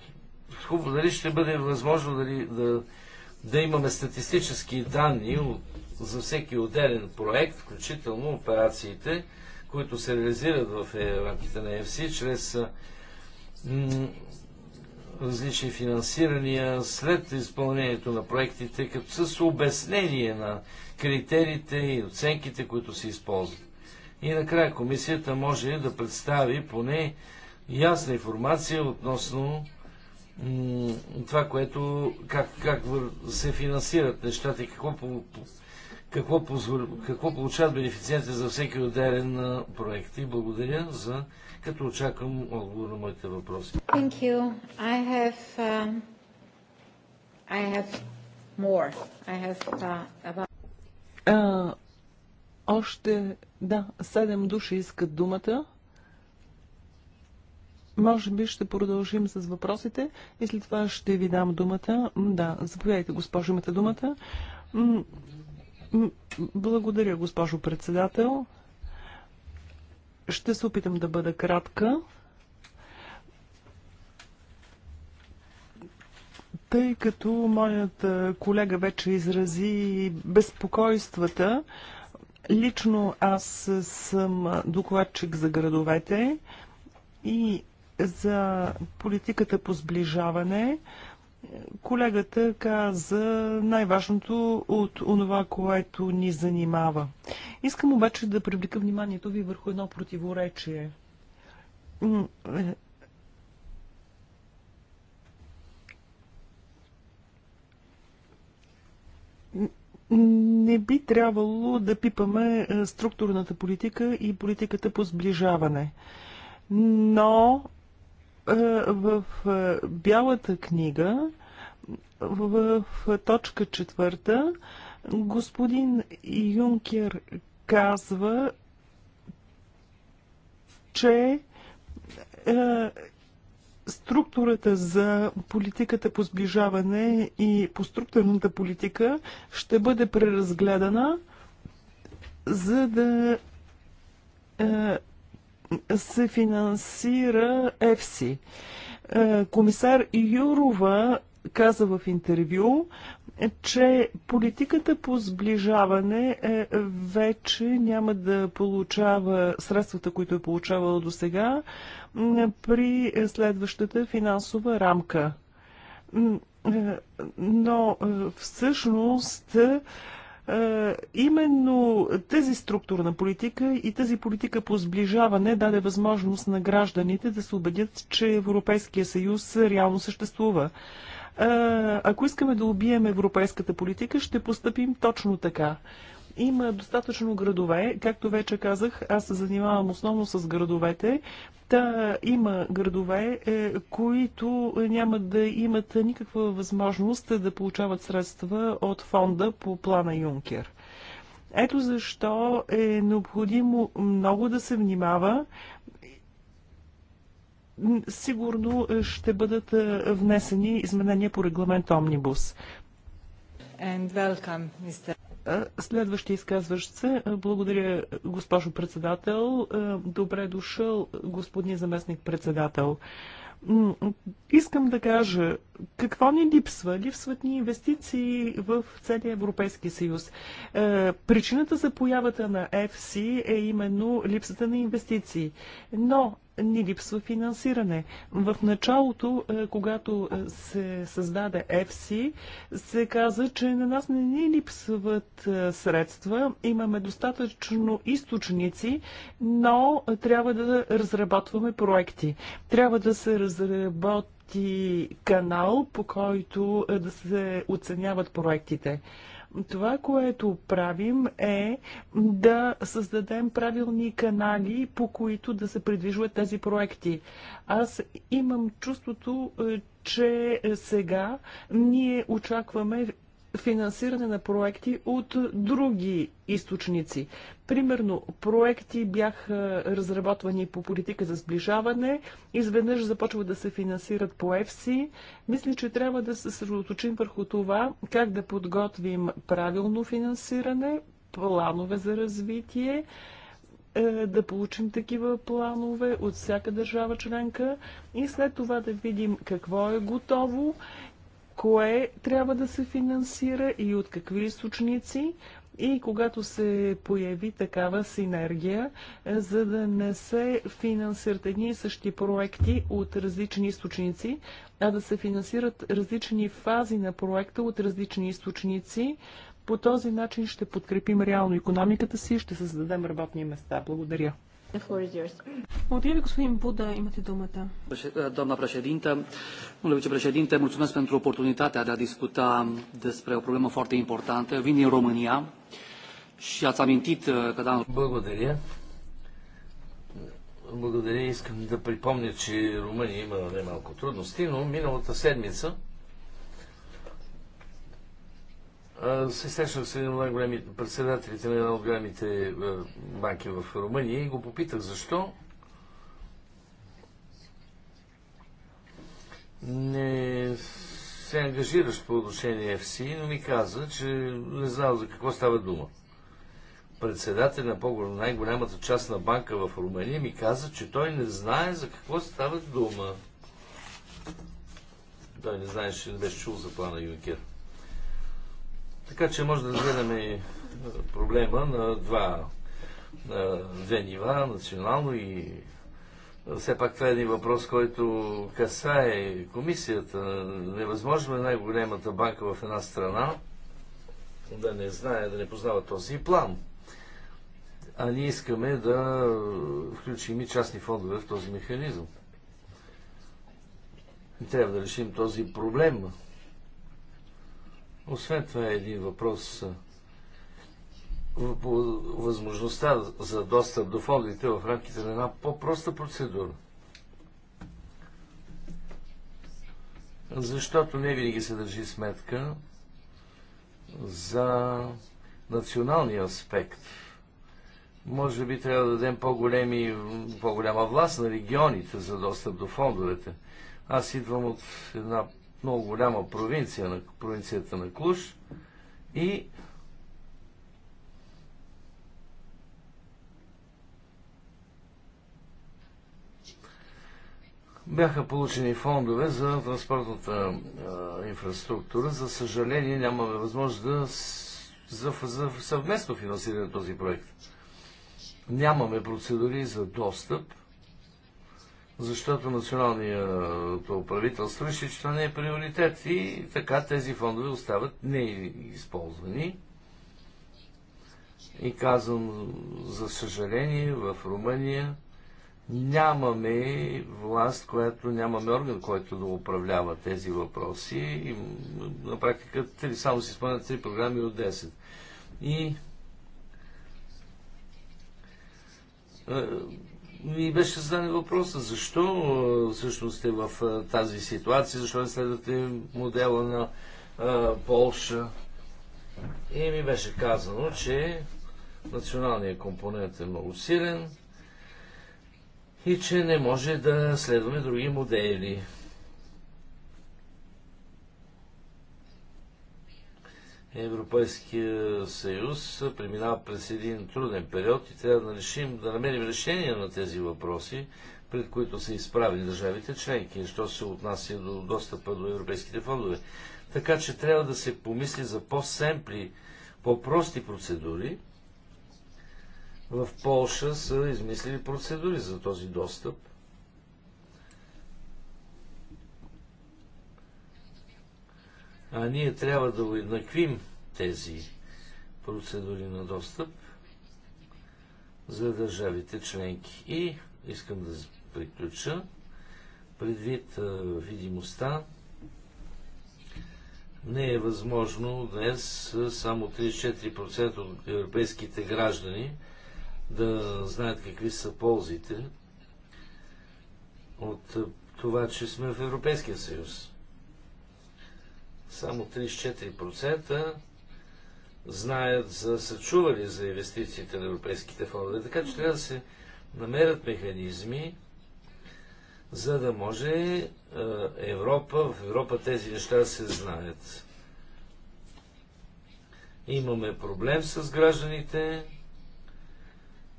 Хубаво, дали ще бъде възможно дали, да да имаме статистически данни за всеки отделен проект, включително операциите, които се реализират в е, рамките на ЕФСИ чрез различни финансирания след изпълнението на проектите, като с обяснение на критериите и оценките, които се използват. И накрая комисията може да представи поне ясна информация относно това, което, как, как се финансират нещата и какво, какво, позволя, какво получават бенефициентите за всеки отделен проект. И благодаря за като очаквам отговор на моите въпроси. Thank you. I have, um, I have more. I have uh, about... Uh, още, да, седем души искат думата. Може би ще продължим с въпросите и след това ще ви дам думата. Да, заповядайте, госпожо, имате думата. Благодаря, госпожо председател. Ще се опитам да бъда кратка. Тъй като моят колега вече изрази безпокойствата, лично аз съм докладчик за градовете и за политиката по сближаване. Колегата каза най-важното от онова, което ни занимава. Искам обаче да привлека вниманието ви върху едно противоречие. Е, не би трябвало да пипаме е, структурната политика и политиката по сближаване. Но е, в е, Бялата книга, в точка четвърта, господин Юнкер казва, че е, структурата за политиката по сближаване и по структурната политика ще бъде преразгледана, за да се финансира ЕФСИ. Е, комисар Юрова каза в интервю, че политиката по сближаване е, вече няма да получава средствата, които е получавала до сега при следващата финансова рамка. Е, но всъщност Именно тази структурна политика и тази политика по сближаване даде възможност на гражданите да се убедят, че Европейския съюз реално съществува. Ако искаме да убием европейската политика, ще поступим точно така. Има достатъчно градове. Както вече казах, аз се занимавам основно с градовете. Та има градове, е, които няма да имат никаква възможност да получават средства от фонда по плана Юнкер. Ето защо е необходимо много да се внимава. Сигурно ще бъдат е, внесени изменения по регламент Омнибус. And welcome, Mr. Следващия изказващ се. Благодаря, госпожо председател. Добре дошъл, господин заместник председател. Искам да кажа, какво ни липсва? Липсват ни инвестиции в целия Европейски съюз. Причината за появата на FC е именно липсата на инвестиции. Но ни липсва финансиране. В началото, е, когато е, се създаде FC, се каза, че на нас не ни липсват е, средства, имаме достатъчно източници, но трябва да разработваме проекти. Трябва да се разработи канал, по който да се оценяват проектите. Това, което правим е да създадем правилни канали, по които да се придвижват тези проекти. Аз имам чувството, е, че сега ние очакваме финансиране на проекти от други източници. Примерно, проекти бяха разработвани по политика за сближаване, изведнъж започват да се финансират по ЕФСИ. Мисля, че трябва да се съсредоточим върху това, как да подготвим правилно финансиране, планове за развитие, е, да получим такива планове от всяка държава членка и след това да видим какво е готово кое трябва да се финансира и от какви източници. И когато се появи такава синергия, е, за да не се финансират едни и същи проекти от различни източници, а да се финансират различни фази на проекта от различни източници, по този начин ще подкрепим реално економиката си и ще създадем работни места. Благодаря. Благодаря ви, господин Буда. Имате думата. Doamna președintă, domnule vicepreședinte, mulțumesc pentru oportunitatea de a discuta despre o problemă foarte importantă. Vin din România și ați amintit că da... Благодаря. Благодаря. Искам да припомня, че Румъния има немалко трудности, но миналата седмица се срещнах с един от най-големите председателите на една от големите банки в Румъния и го попитах защо не се ангажираш по отношение FC, но ми каза, че не знам за какво става дума. Председател на най-голямата част на банка в Румъния ми каза, че той не знае за какво става дума. Той не знаеше, не беше чул за плана Юнкер. Така че може да разгледаме проблема на два на две нива, национално и все пак това е един въпрос, който касае комисията. Невъзможно е най-големата банка в една страна да не знае, да не познава този план. А ние искаме да включим и частни фондове в този механизъм. И трябва да решим този проблем. Освен това е един въпрос по възможността за достъп до фондите в рамките на една по-проста процедура. Защото не винаги се държи сметка за националния аспект. Може би трябва да дадем по-големи, по-голяма власт на регионите за достъп до фондовете. Аз идвам от една много голяма провинция, на провинцията на Клуш и бяха получени фондове за транспортната а, инфраструктура. За съжаление нямаме възможност да за, за съвместно финансиране на този проект. Нямаме процедури за достъп защото националният правителство реши, че това не е приоритет и така тези фондове остават неизползвани. И казвам, за съжаление, в Румъния нямаме власт, която нямаме орган, който да управлява тези въпроси. И, на практика само си изпълнят три програми от 10. И е, ми беше зададен въпроса, защо всъщност сте в тази ситуация, защо не следвате модела на а, Полша. И ми беше казано, че националният компонент е много силен и че не може да следваме други модели. Европейския съюз преминава през един труден период и трябва да, решим, да намерим решение на тези въпроси, пред които са изправени държавите членки, що се отнася до достъпа до европейските фондове. Така че трябва да се помисли за по-семпли, по-прости процедури. В Полша са измислили процедури за този достъп – А ние трябва да уеднаквим тези процедури на достъп за държавите членки. И искам да приключа предвид видимостта не е възможно днес само 34% от европейските граждани да знаят какви са ползите от това, че сме в Европейския съюз. Само 34% знаят, за, са чували за инвестициите на европейските фондове. Така че трябва да се намерят механизми, за да може Европа, в Европа тези неща да се знаят. Имаме проблем с гражданите,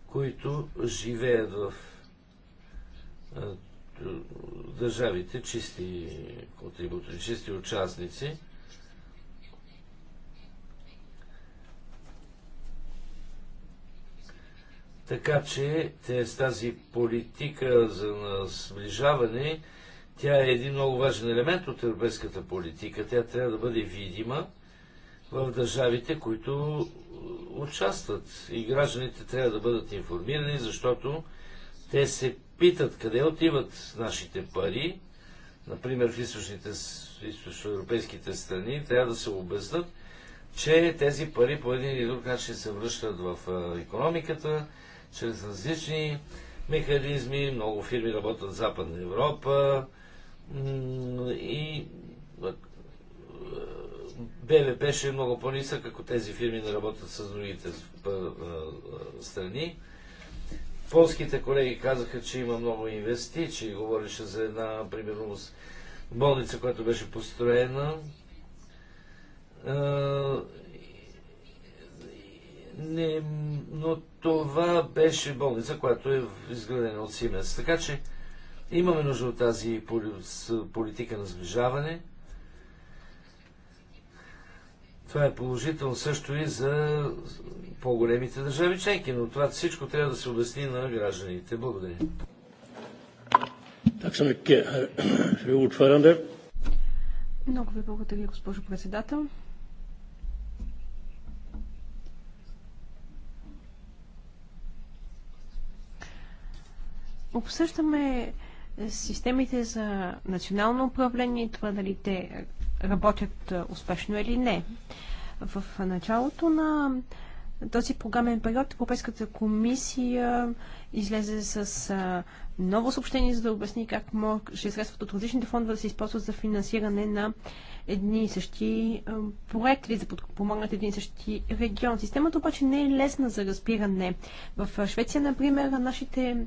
които живеят в държавите, чисти контрибутори, чисти участници. Така че с тази политика за сближаване, тя е един много важен елемент от европейската политика. Тя трябва да бъде видима в държавите, които участват. И гражданите трябва да бъдат информирани, защото те се питат къде отиват нашите пари, например в източните, източноевропейските страни, трябва да се обяснат, че тези пари по един или друг начин се връщат в економиката, чрез различни механизми, много фирми работят в Западна Европа и БВП ще е много по-нисък, ако тези фирми не работят с другите страни. Полските колеги казаха, че има много инвестиции. Говореше за една, примерно, болница, която беше построена. Не, но това беше болница, която е изградена от Симес. Така че имаме нужда от тази политика на сближаване – това е положително също и за по-големите държави членки, но това всичко трябва да се обясни на гражданите. Благодаря. Е, Много ви благодаря, госпожо председател. Обсъждаме системите за национално управление, това дали те работят успешно или не. В началото на този програмен период Европейската комисия излезе с ново съобщение, за да обясни как може средствата от различните фондове да се използват за финансиране на едни и същи проекти, или да подпомогнат един и същи регион. Системата обаче не е лесна за разбиране. В Швеция, например, нашите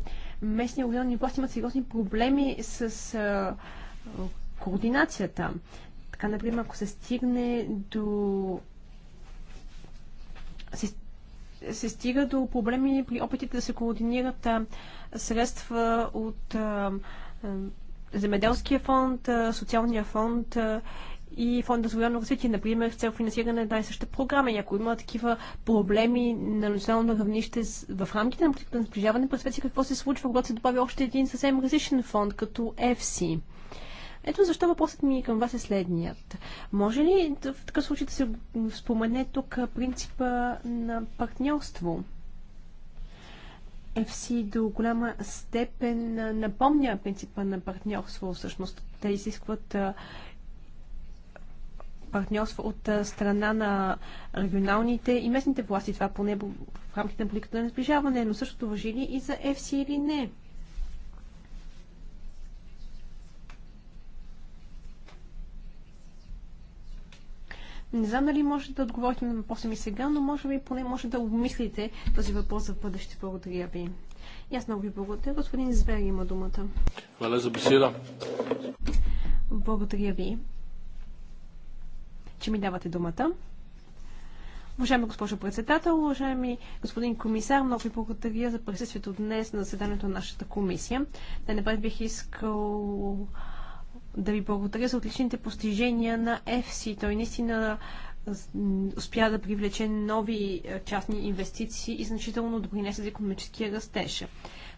местни регионални власти имат сериозни проблеми с координацията а, например, ако се стигне до се, се стига до проблеми при опитите да се координират а, средства от а, а, земеделския фонд, а, социалния фонд а, и фонда за военно развитие, например, в цел финансиране на една и съща програма. И ако има такива проблеми на национално равнище в рамките на политиката на сближаване, представете какво се случва, когато се добави още един съвсем различен фонд, като EFSI. Ето защо въпросът ми към вас е следният. Може ли в такъв случай да се спомене тук принципа на партньорство? FC до голяма степен напомня принципа на партньорство. Всъщност те изискват партньорство от страна на регионалните и местните власти. Това поне в рамките на политиката на сближаване, но същото въжи ли и за FC или не? Не знам дали може да отговорите на въпроса ми сега, но може би поне може да обмислите този въпрос за бъдеще. Благодаря ви. И аз много ви благодаря. Господин Звер има думата. Хвала за беседа. Благодаря ви, че ми давате думата. Уважаема госпожо председател, уважаеми господин комисар, много ви благодаря за присъствието днес на заседанието на нашата комисия. Да не бих искал да ви благодаря за отличните постижения на FC. Той наистина успя да привлече нови частни инвестиции и значително допринесе за економическия растеж.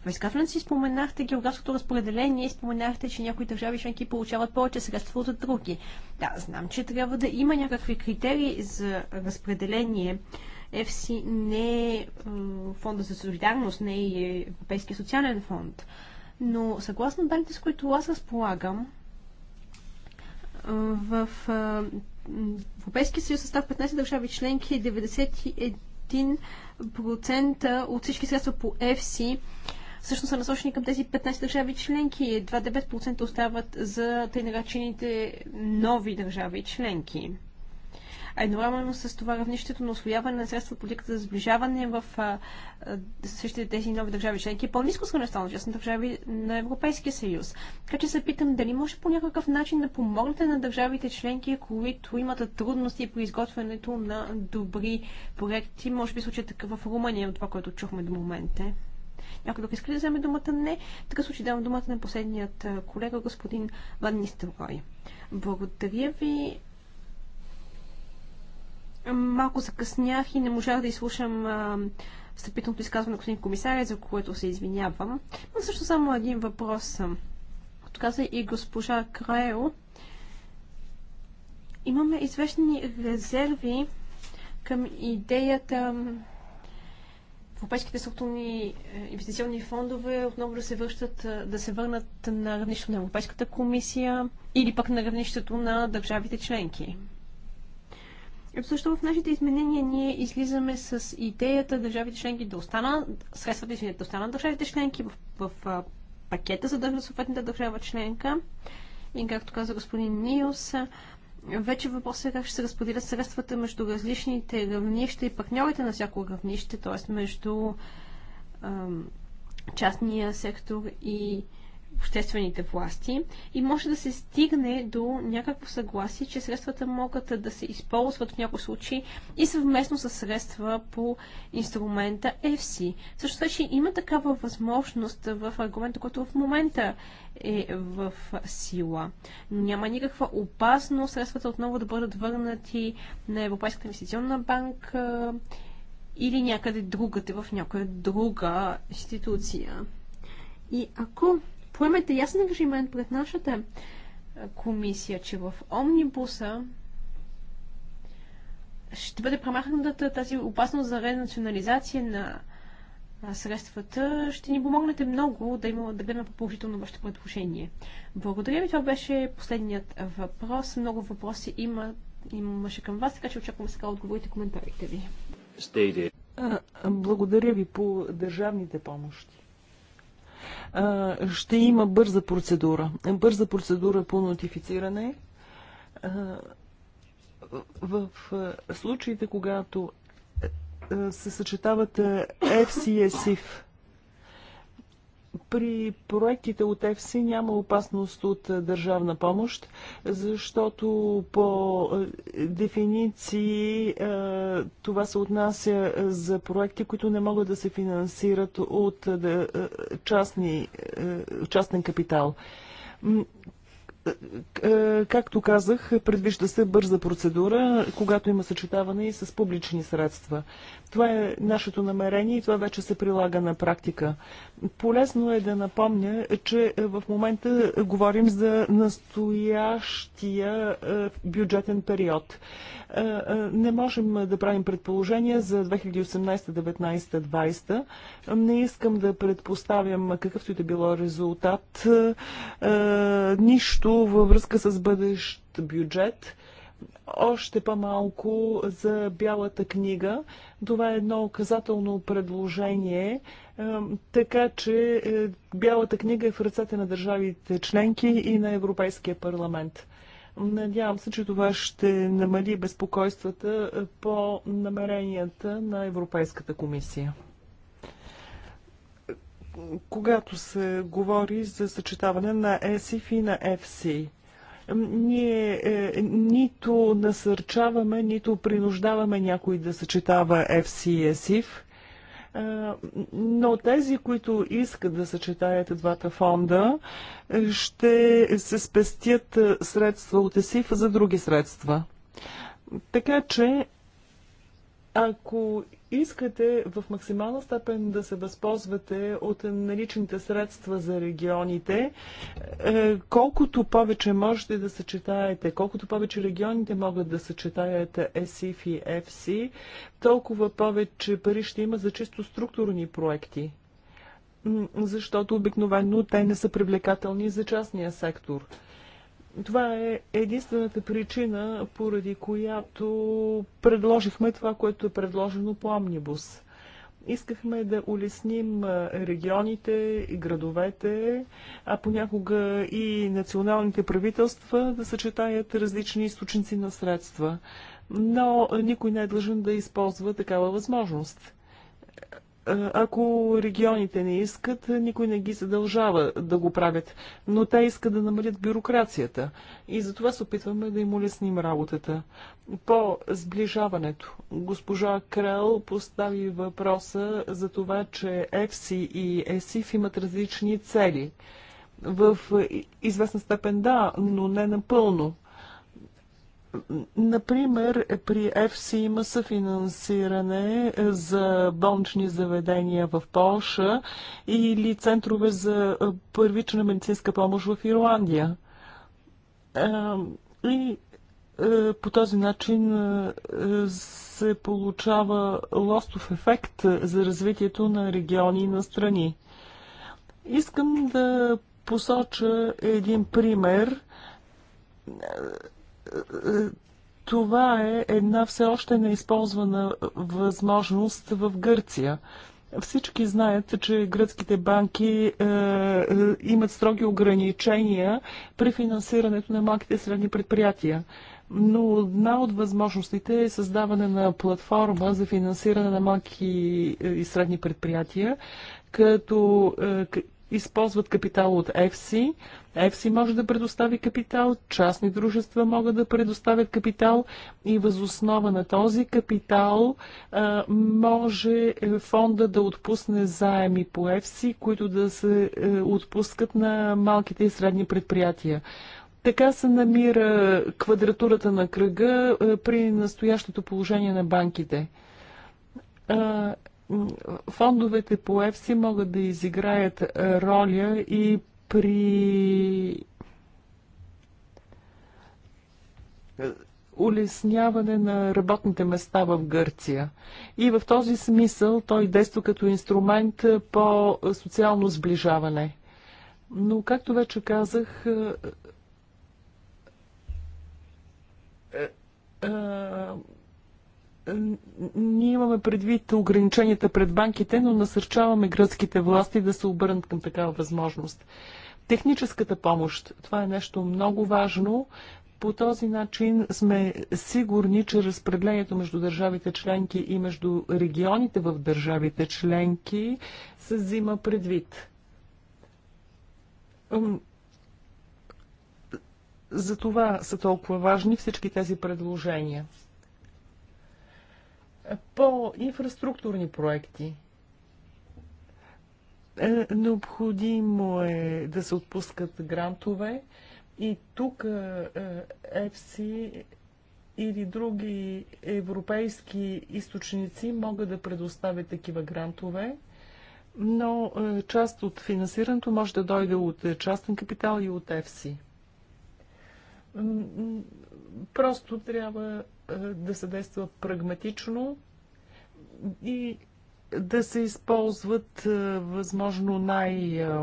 В изказването си споменахте географското разпределение и споменахте, че някои държави членки получават повече средства от други. Да, знам, че трябва да има някакви критерии за разпределение. ЕФСИ не е фонда за солидарност, не е Европейския социален фонд. Но съгласно данните, с които аз разполагам, в Европейския съюз състав 15 държави членки 91% от всички средства по ЕФСИ всъщност са насочени към тези 15 държави членки. и 2-9% остават за тъй наречените нови държави членки а едновременно с това равнището на освояване на средства по за сближаване в същите тези нови държави членки е по-низко с на част на държави на Европейския съюз. Така че се питам дали може по някакъв начин да помогнете на държавите членки, които имат трудности при изготвянето на добри проекти. Може би случай такъв в Румъния, от това, което чухме до момента. Някой друг иска да вземе думата? Не. така случай давам думата на последният колега, господин Ван Нистелрой. Благодаря ви. Малко закъснях и не можах да изслушам встъпителното изказване на господин комисаря, за което се извинявам. Но също само един въпрос. Като каза и госпожа Краео, имаме известни резерви към идеята европейските структурни е, инвестиционни фондове отново да се връщат, е, да се върнат на равнището на Европейската комисия или пък на равнището на държавите членки. Също в нашите изменения ние излизаме с идеята държавите членки да останат, средствата и да останат държавите членки в, в, в пакета за държава съответната държава членка. И както каза господин Нилс, вече въпросът е как ще се разпределят средствата между различните равнища и партньорите на всяко равнище, т.е. между ам, частния сектор и обществените власти и може да се стигне до някакво съгласие, че средствата могат да се използват в някои случаи и съвместно с средства по инструмента EFSI. Също че има такава възможност в аргумента, който в момента е в сила. Няма никаква опасност средствата отново да бъдат върнати на Европейската инвестиционна банка или някъде другаде в някоя друга институция. И ако поемете ясен ангажимент пред нашата е, комисия, че в омнибуса ще бъде премахната тази опасност за ренационализация на средствата, ще ни помогнете много да, има, да гледаме по-положително вашето предложение. Благодаря ви, това беше последният въпрос. Много въпроси има, имаше към вас, така че очакваме сега отговорите коментарите ви. Благодаря ви по държавните помощи ще има бърза процедура. Бърза процедура по нотифициране. В случаите, когато се съчетават EFSI и при проектите от ФС няма опасност от е, държавна помощ, защото по е, дефиниции е, това се отнася за проекти, които не могат да се финансират от частни, частен капитал. Е, както казах, предвижда се бърза процедура, когато има съчетаване и с публични средства. Това е нашето намерение и това вече се прилага на практика. Полезно е да напомня, че в момента говорим за настоящия е, бюджетен период. Е, не можем да правим предположения за 2018 2019, 2020. Не искам да предпоставям какъвто и да било резултат. Нищо във връзка с бъдещ бюджет, още по-малко за Бялата книга. Това е едно оказателно предложение, така че е, Бялата книга е в ръцете на държавите членки и на Европейския парламент. Надявам се, че това ще намали безпокойствата е, по намеренията на Европейската комисия когато се говори за съчетаване на ЕСИФ и на ЕФСИ ние е, нито насърчаваме, нито принуждаваме някой да съчетава FC и ЕСИФ, е, но тези, които искат да съчетаят двата фонда, е, ще се спестят е, средства от ЕСИФ за други средства. Така че ако искате в максимална степен да се възползвате от наличните средства за регионите, е, колкото повече можете да съчетаете, колкото повече регионите могат да съчетаят ЕСИФ и ЕФСИ, толкова повече пари ще има за чисто структурни проекти. Защото обикновено те не са привлекателни за частния сектор. Това е единствената причина, поради която предложихме това, което е предложено по Омнибус. Искахме да улесним регионите, и градовете, а понякога и националните правителства да съчетаят различни източници на средства. Но никой не е длъжен да използва такава възможност. Ако регионите не искат, никой не ги задължава да го правят, но те искат да намалят бюрокрацията и затова се опитваме да им улесним работата. По сближаването, госпожа Крел постави въпроса за това, че ЕФСИ и ЕСИФ имат различни цели. В известна степен да, но не напълно. Например, при ФС има съфинансиране за болнични заведения в Полша или центрове за първична медицинска помощ в Ирландия. И е, по този начин е, се получава лостов ефект за развитието на региони и на страни. Искам да посоча един пример е, – това е една все още неизползвана възможност в Гърция. Всички знаят, че гръцките банки е, е, имат строги ограничения при финансирането на малките и средни предприятия. Но една от възможностите е създаване на платформа за финансиране на малки е, и средни предприятия, като е, използват капитал от FC. FC може да предостави капитал, частни дружества могат да предоставят капитал и възоснова на този капитал а, може фонда да отпусне заеми по FC, които да се а, е, отпускат на малките и средни предприятия. Така се намира квадратурата на кръга а, е, при настоящото положение на банките. А, фондовете по ЕФСИ могат да изиграят е, роля и при е, улесняване на работните места в Гърция. И в този смисъл той действа като инструмент е, по социално сближаване. Но, както вече казах, ние имаме предвид ограниченията пред банките, но насърчаваме гръцките власти да се обърнат към такава възможност. Техническата помощ. Това е нещо много важно. По този начин сме сигурни, че разпределението между държавите членки и между регионите в държавите членки се взима предвид. За това са толкова важни всички тези предложения по инфраструктурни проекти. Е, необходимо е да се отпускат грантове и тук е, е, ЕФСИ или други европейски източници могат да предоставят такива грантове, но част от финансирането може да дойде от частен капитал и от ЕФСИ. Просто трябва е, да се действа прагматично и да се използват е, възможно най- е,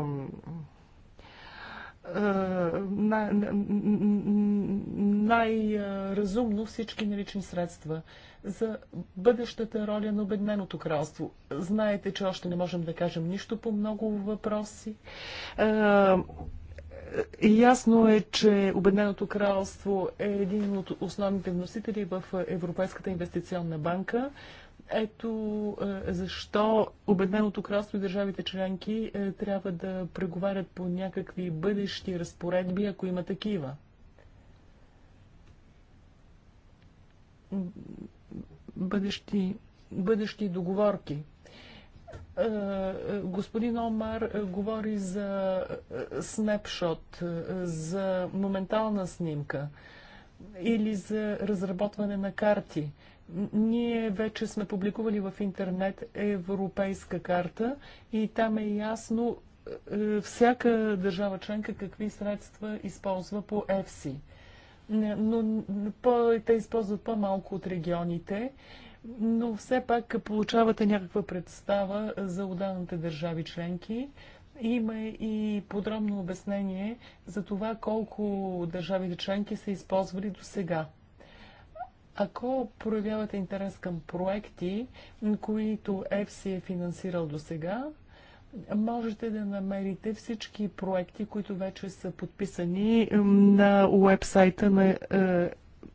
най-разумно най всички налични средства за бъдещата роля на Обедненото кралство. Знаете, че още не можем да кажем нищо по много въпроси. Е, ясно е, че Обедненото кралство е един от основните вносители в Европейската инвестиционна банка. Ето е, защо Обедненото кралство и държавите членки е, трябва да преговарят по някакви бъдещи разпоредби, ако има такива. Бъдещи, бъдещи договорки. Е, господин Омар говори за е, снапшот, е, за моментална снимка или за разработване на карти. Ние вече сме публикували в интернет европейска карта и там е ясно всяка държава членка какви средства използва по ЕФСИ. Но те използват по-малко от регионите но все пак получавате някаква представа за отделните държави членки. Има и подробно обяснение за това колко държавите членки са използвали до сега. Ако проявявате интерес към проекти, които ЕФСИ е финансирал до сега, можете да намерите всички проекти, които вече са подписани на уебсайта на е,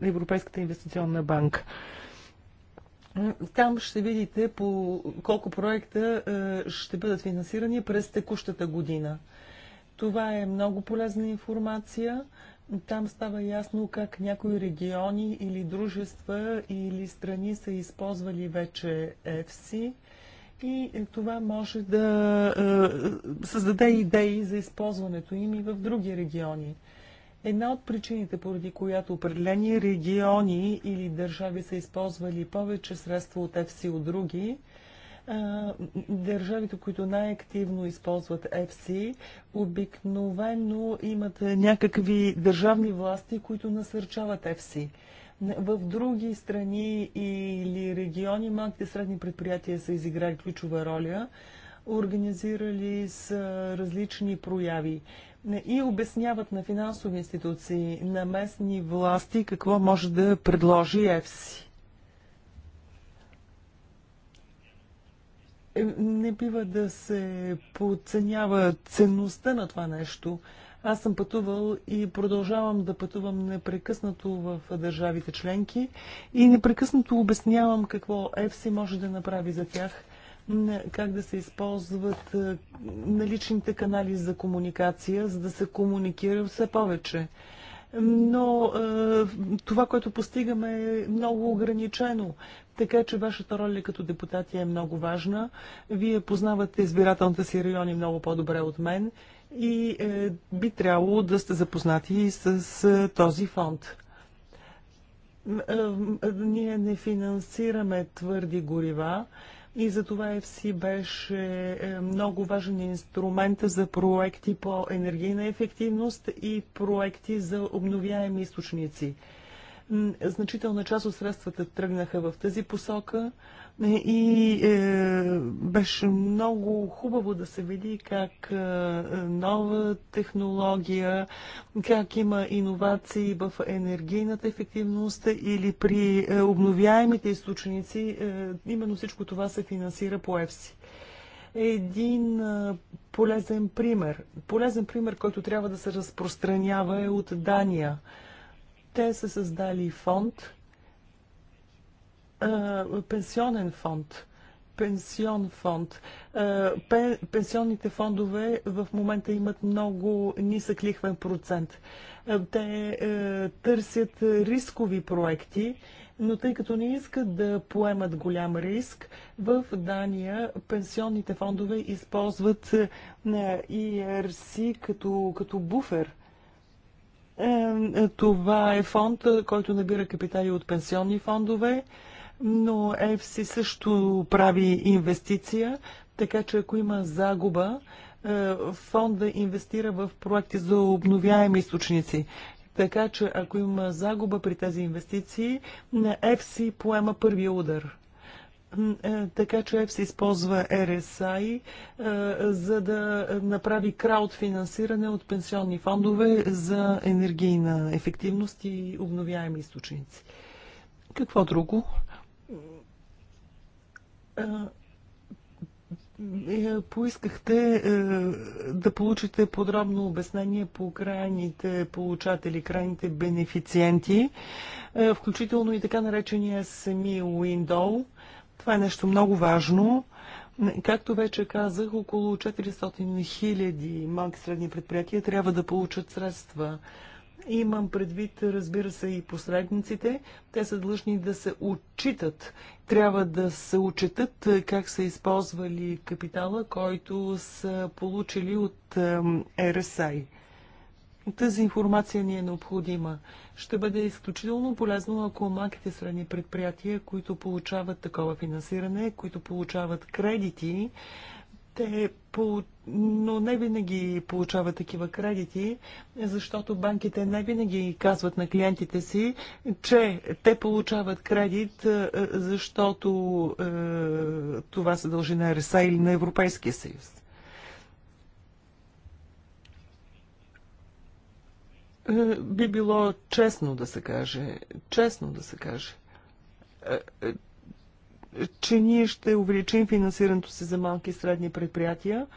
Европейската инвестиционна банка. Там ще видите по колко проекта е, ще бъдат финансирани през текущата година. Това е много полезна информация. Там става ясно как някои региони или дружества или страни са използвали вече ЕФСИ и това може да е, създаде идеи за използването им и в други региони. Една от причините, поради която определени региони или държави са използвали повече средства от ЕФСИ от други, държавите, които най-активно използват ЕФСИ, обикновено имат някакви държавни власти, които насърчават ЕФСИ. В други страни или региони малките средни предприятия са изиграли ключова роля, организирали с различни прояви и обясняват на финансови институции, на местни власти какво може да предложи ЕФСИ. Е, не бива да се подценява ценността на това нещо. Аз съм пътувал и продължавам да пътувам непрекъснато в държавите членки и непрекъснато обяснявам какво ЕФСИ може да направи за тях как да се използват наличните канали за комуникация, за да се комуникира все повече. Но това, което постигаме е много ограничено. Така че вашата роля като депутати е много важна. Вие познавате избирателната си райони много по-добре от мен и е, би трябвало да сте запознати с този фонд. ние не финансираме твърди горива и за това ЕФСИ беше е, много важен инструмент за проекти по енергийна ефективност и проекти за обновяеми източници. Значителна част от средствата тръгнаха в тази посока и е, беше много хубаво да се види как е, нова технология, как има иновации в енергийната ефективност или при е, обновяемите източници. Е, именно всичко това се финансира по ЕФСИ. Един е, полезен пример, полезен пример, който трябва да се разпространява е от Дания. Те са създали фонд, е, пенсионен фонд. Пенсион фонд. Е, пенсионните фондове в момента имат много нисък лихвен процент. Е, те търсят рискови проекти, но тъй като не искат да поемат голям риск, в Дания пенсионните фондове използват ERC като, като буфер – това е фонд, който набира капитали от пенсионни фондове но ЕФСИ също прави инвестиция, така че ако има загуба, е, фонда инвестира в проекти за обновяеми източници. Така че ако има загуба при тези инвестиции, ЕФСИ поема първия удар. Е, така че ЕФС използва РСАИ, е, за да направи краудфинансиране от пенсионни фондове за енергийна ефективност и обновяеми източници. Какво друго? Е, поискахте е, да получите подробно обяснение по крайните получатели, крайните бенефициенти, е, включително и така наречения сами Уиндол. Това е нещо много важно. Както вече казах, около 400 хиляди малки средни предприятия трябва да получат средства Имам предвид, разбира се, и посредниците. Те са длъжни да се отчитат. Трябва да се отчитат е, как са използвали капитала, който са получили от РСАИ. Тази информация ни е необходима. Ще бъде изключително полезно, ако малките средни предприятия, които получават такова финансиране, които получават кредити, те по... но не винаги получават такива кредити, защото банките не винаги казват на клиентите си, че те получават кредит, е, защото е, това се дължи на РСА или на Европейския съюз. Е, би било честно да се каже, честно да се каже, е, е че ние ще увеличим финансирането си за малки и средни предприятия,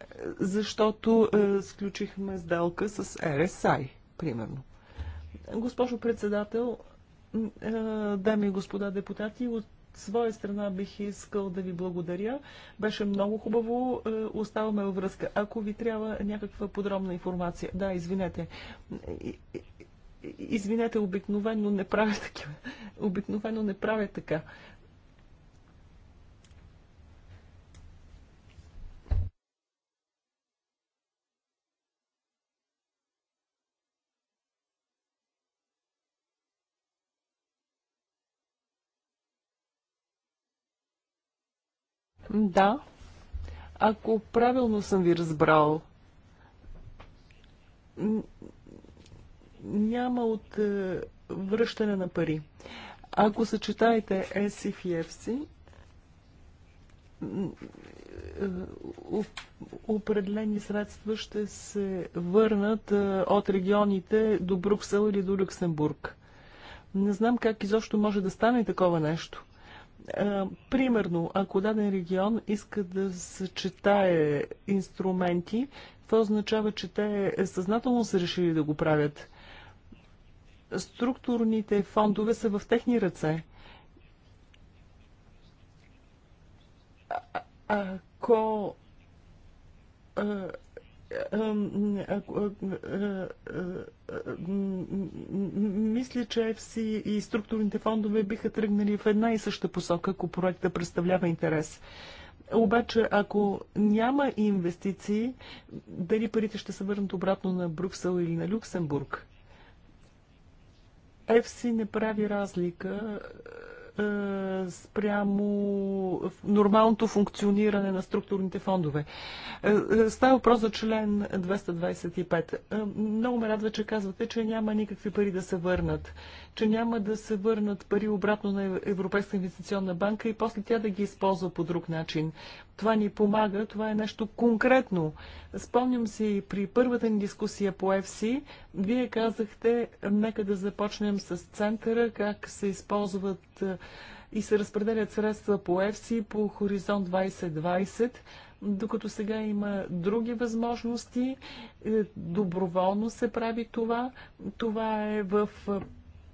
е, защото е, сключихме сделка с РСАЙ, примерно. Госпожо председател, е, дами и господа депутати, от своя страна бих искал да ви благодаря. Беше много хубаво. Е, оставаме във връзка. Ако ви трябва някаква подробна информация. Да, извинете. Извинете, обикновено не правя така. Обикновено не правя така. Да. Ако правилно съм ви разбрал, няма от е, връщане на пари. Ако съчетаете SIF и FC, е, определени средства ще се върнат е, от регионите до Бруксел или до Люксембург. Не знам как изобщо може да стане такова нещо. Примерно, ако даден регион иска да съчетае инструменти, това означава, че те съзнателно са решили да го правят. Структурните фондове са в техни ръце. А ако а, мисля, че FC и структурните фондове биха тръгнали в една и съща посока, ако проекта представлява интерес. Обаче, ако няма инвестиции, дали парите ще се върнат обратно на Брюксел или на Люксембург? FC не прави разлика е, спрямо нормалното функциониране на структурните фондове. Е, е, става въпрос за член 225. Много ме радва, че казвате, че няма никакви пари да се върнат. Че няма да се върнат пари обратно на Европейска инвестиционна банка и после тя да ги използва по друг начин. Това ни помага, това е нещо конкретно. Спомням си при първата ни дискусия по FC, вие казахте, нека да започнем с центъра, как се използват е, и се разпределят средства по FC, по Хоризонт 2020 докато сега има други възможности. Е, доброволно се прави това. Това е в е,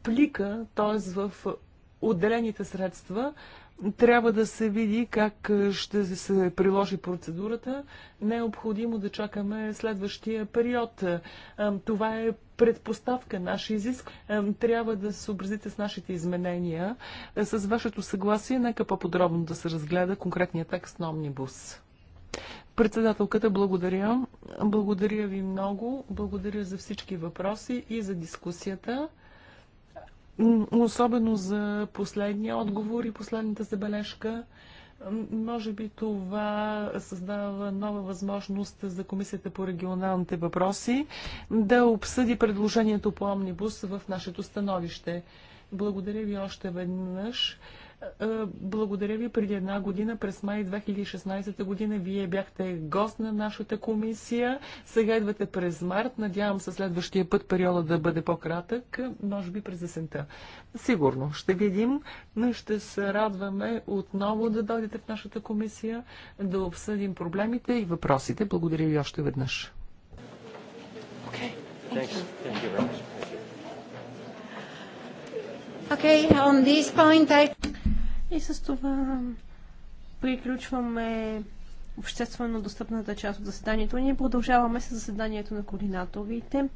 плика, т.е. в отделените средства, трябва да се види как ще се приложи процедурата. Необходимо да чакаме следващия период. Това е предпоставка, наш изиск. Трябва да се съобразите с нашите изменения. С вашето съгласие, нека по-подробно да се разгледа конкретния текст на Омнибус. Председателката, благодаря. Благодаря ви много. Благодаря за всички въпроси и за дискусията особено за последния отговор и последната забележка. Може би това създава нова възможност за Комисията по регионалните въпроси да обсъди предложението по Омнибус в нашето становище. Благодаря ви още веднъж. Е, благодаря ви. Преди една година, през май 2016 година, вие бяхте гост на нашата комисия. Сега идвате през март. Надявам се следващия път периода да бъде по-кратък, може би през есента. Сигурно. Ще видим. Но ще се радваме отново да дойдете в нашата комисия, да обсъдим проблемите и въпросите. Благодаря ви още веднъж. Okay. Thank you. Thank you very much. Okay, on this point I... И с това приключваме обществено достъпната част от заседанието. Ние продължаваме с заседанието на координаторите.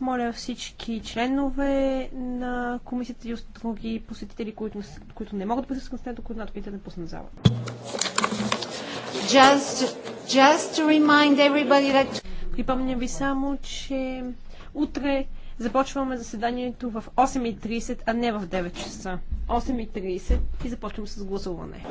Моля всички членове на комисията и други посетители, които, които не могат да присъстват на координаторите, да пуснат зала. Just, just to remind everybody that... Припомням ви само, че утре започваме заседанието в 8.30, а не в 9 часа. 8.30 и започваме с гласуване.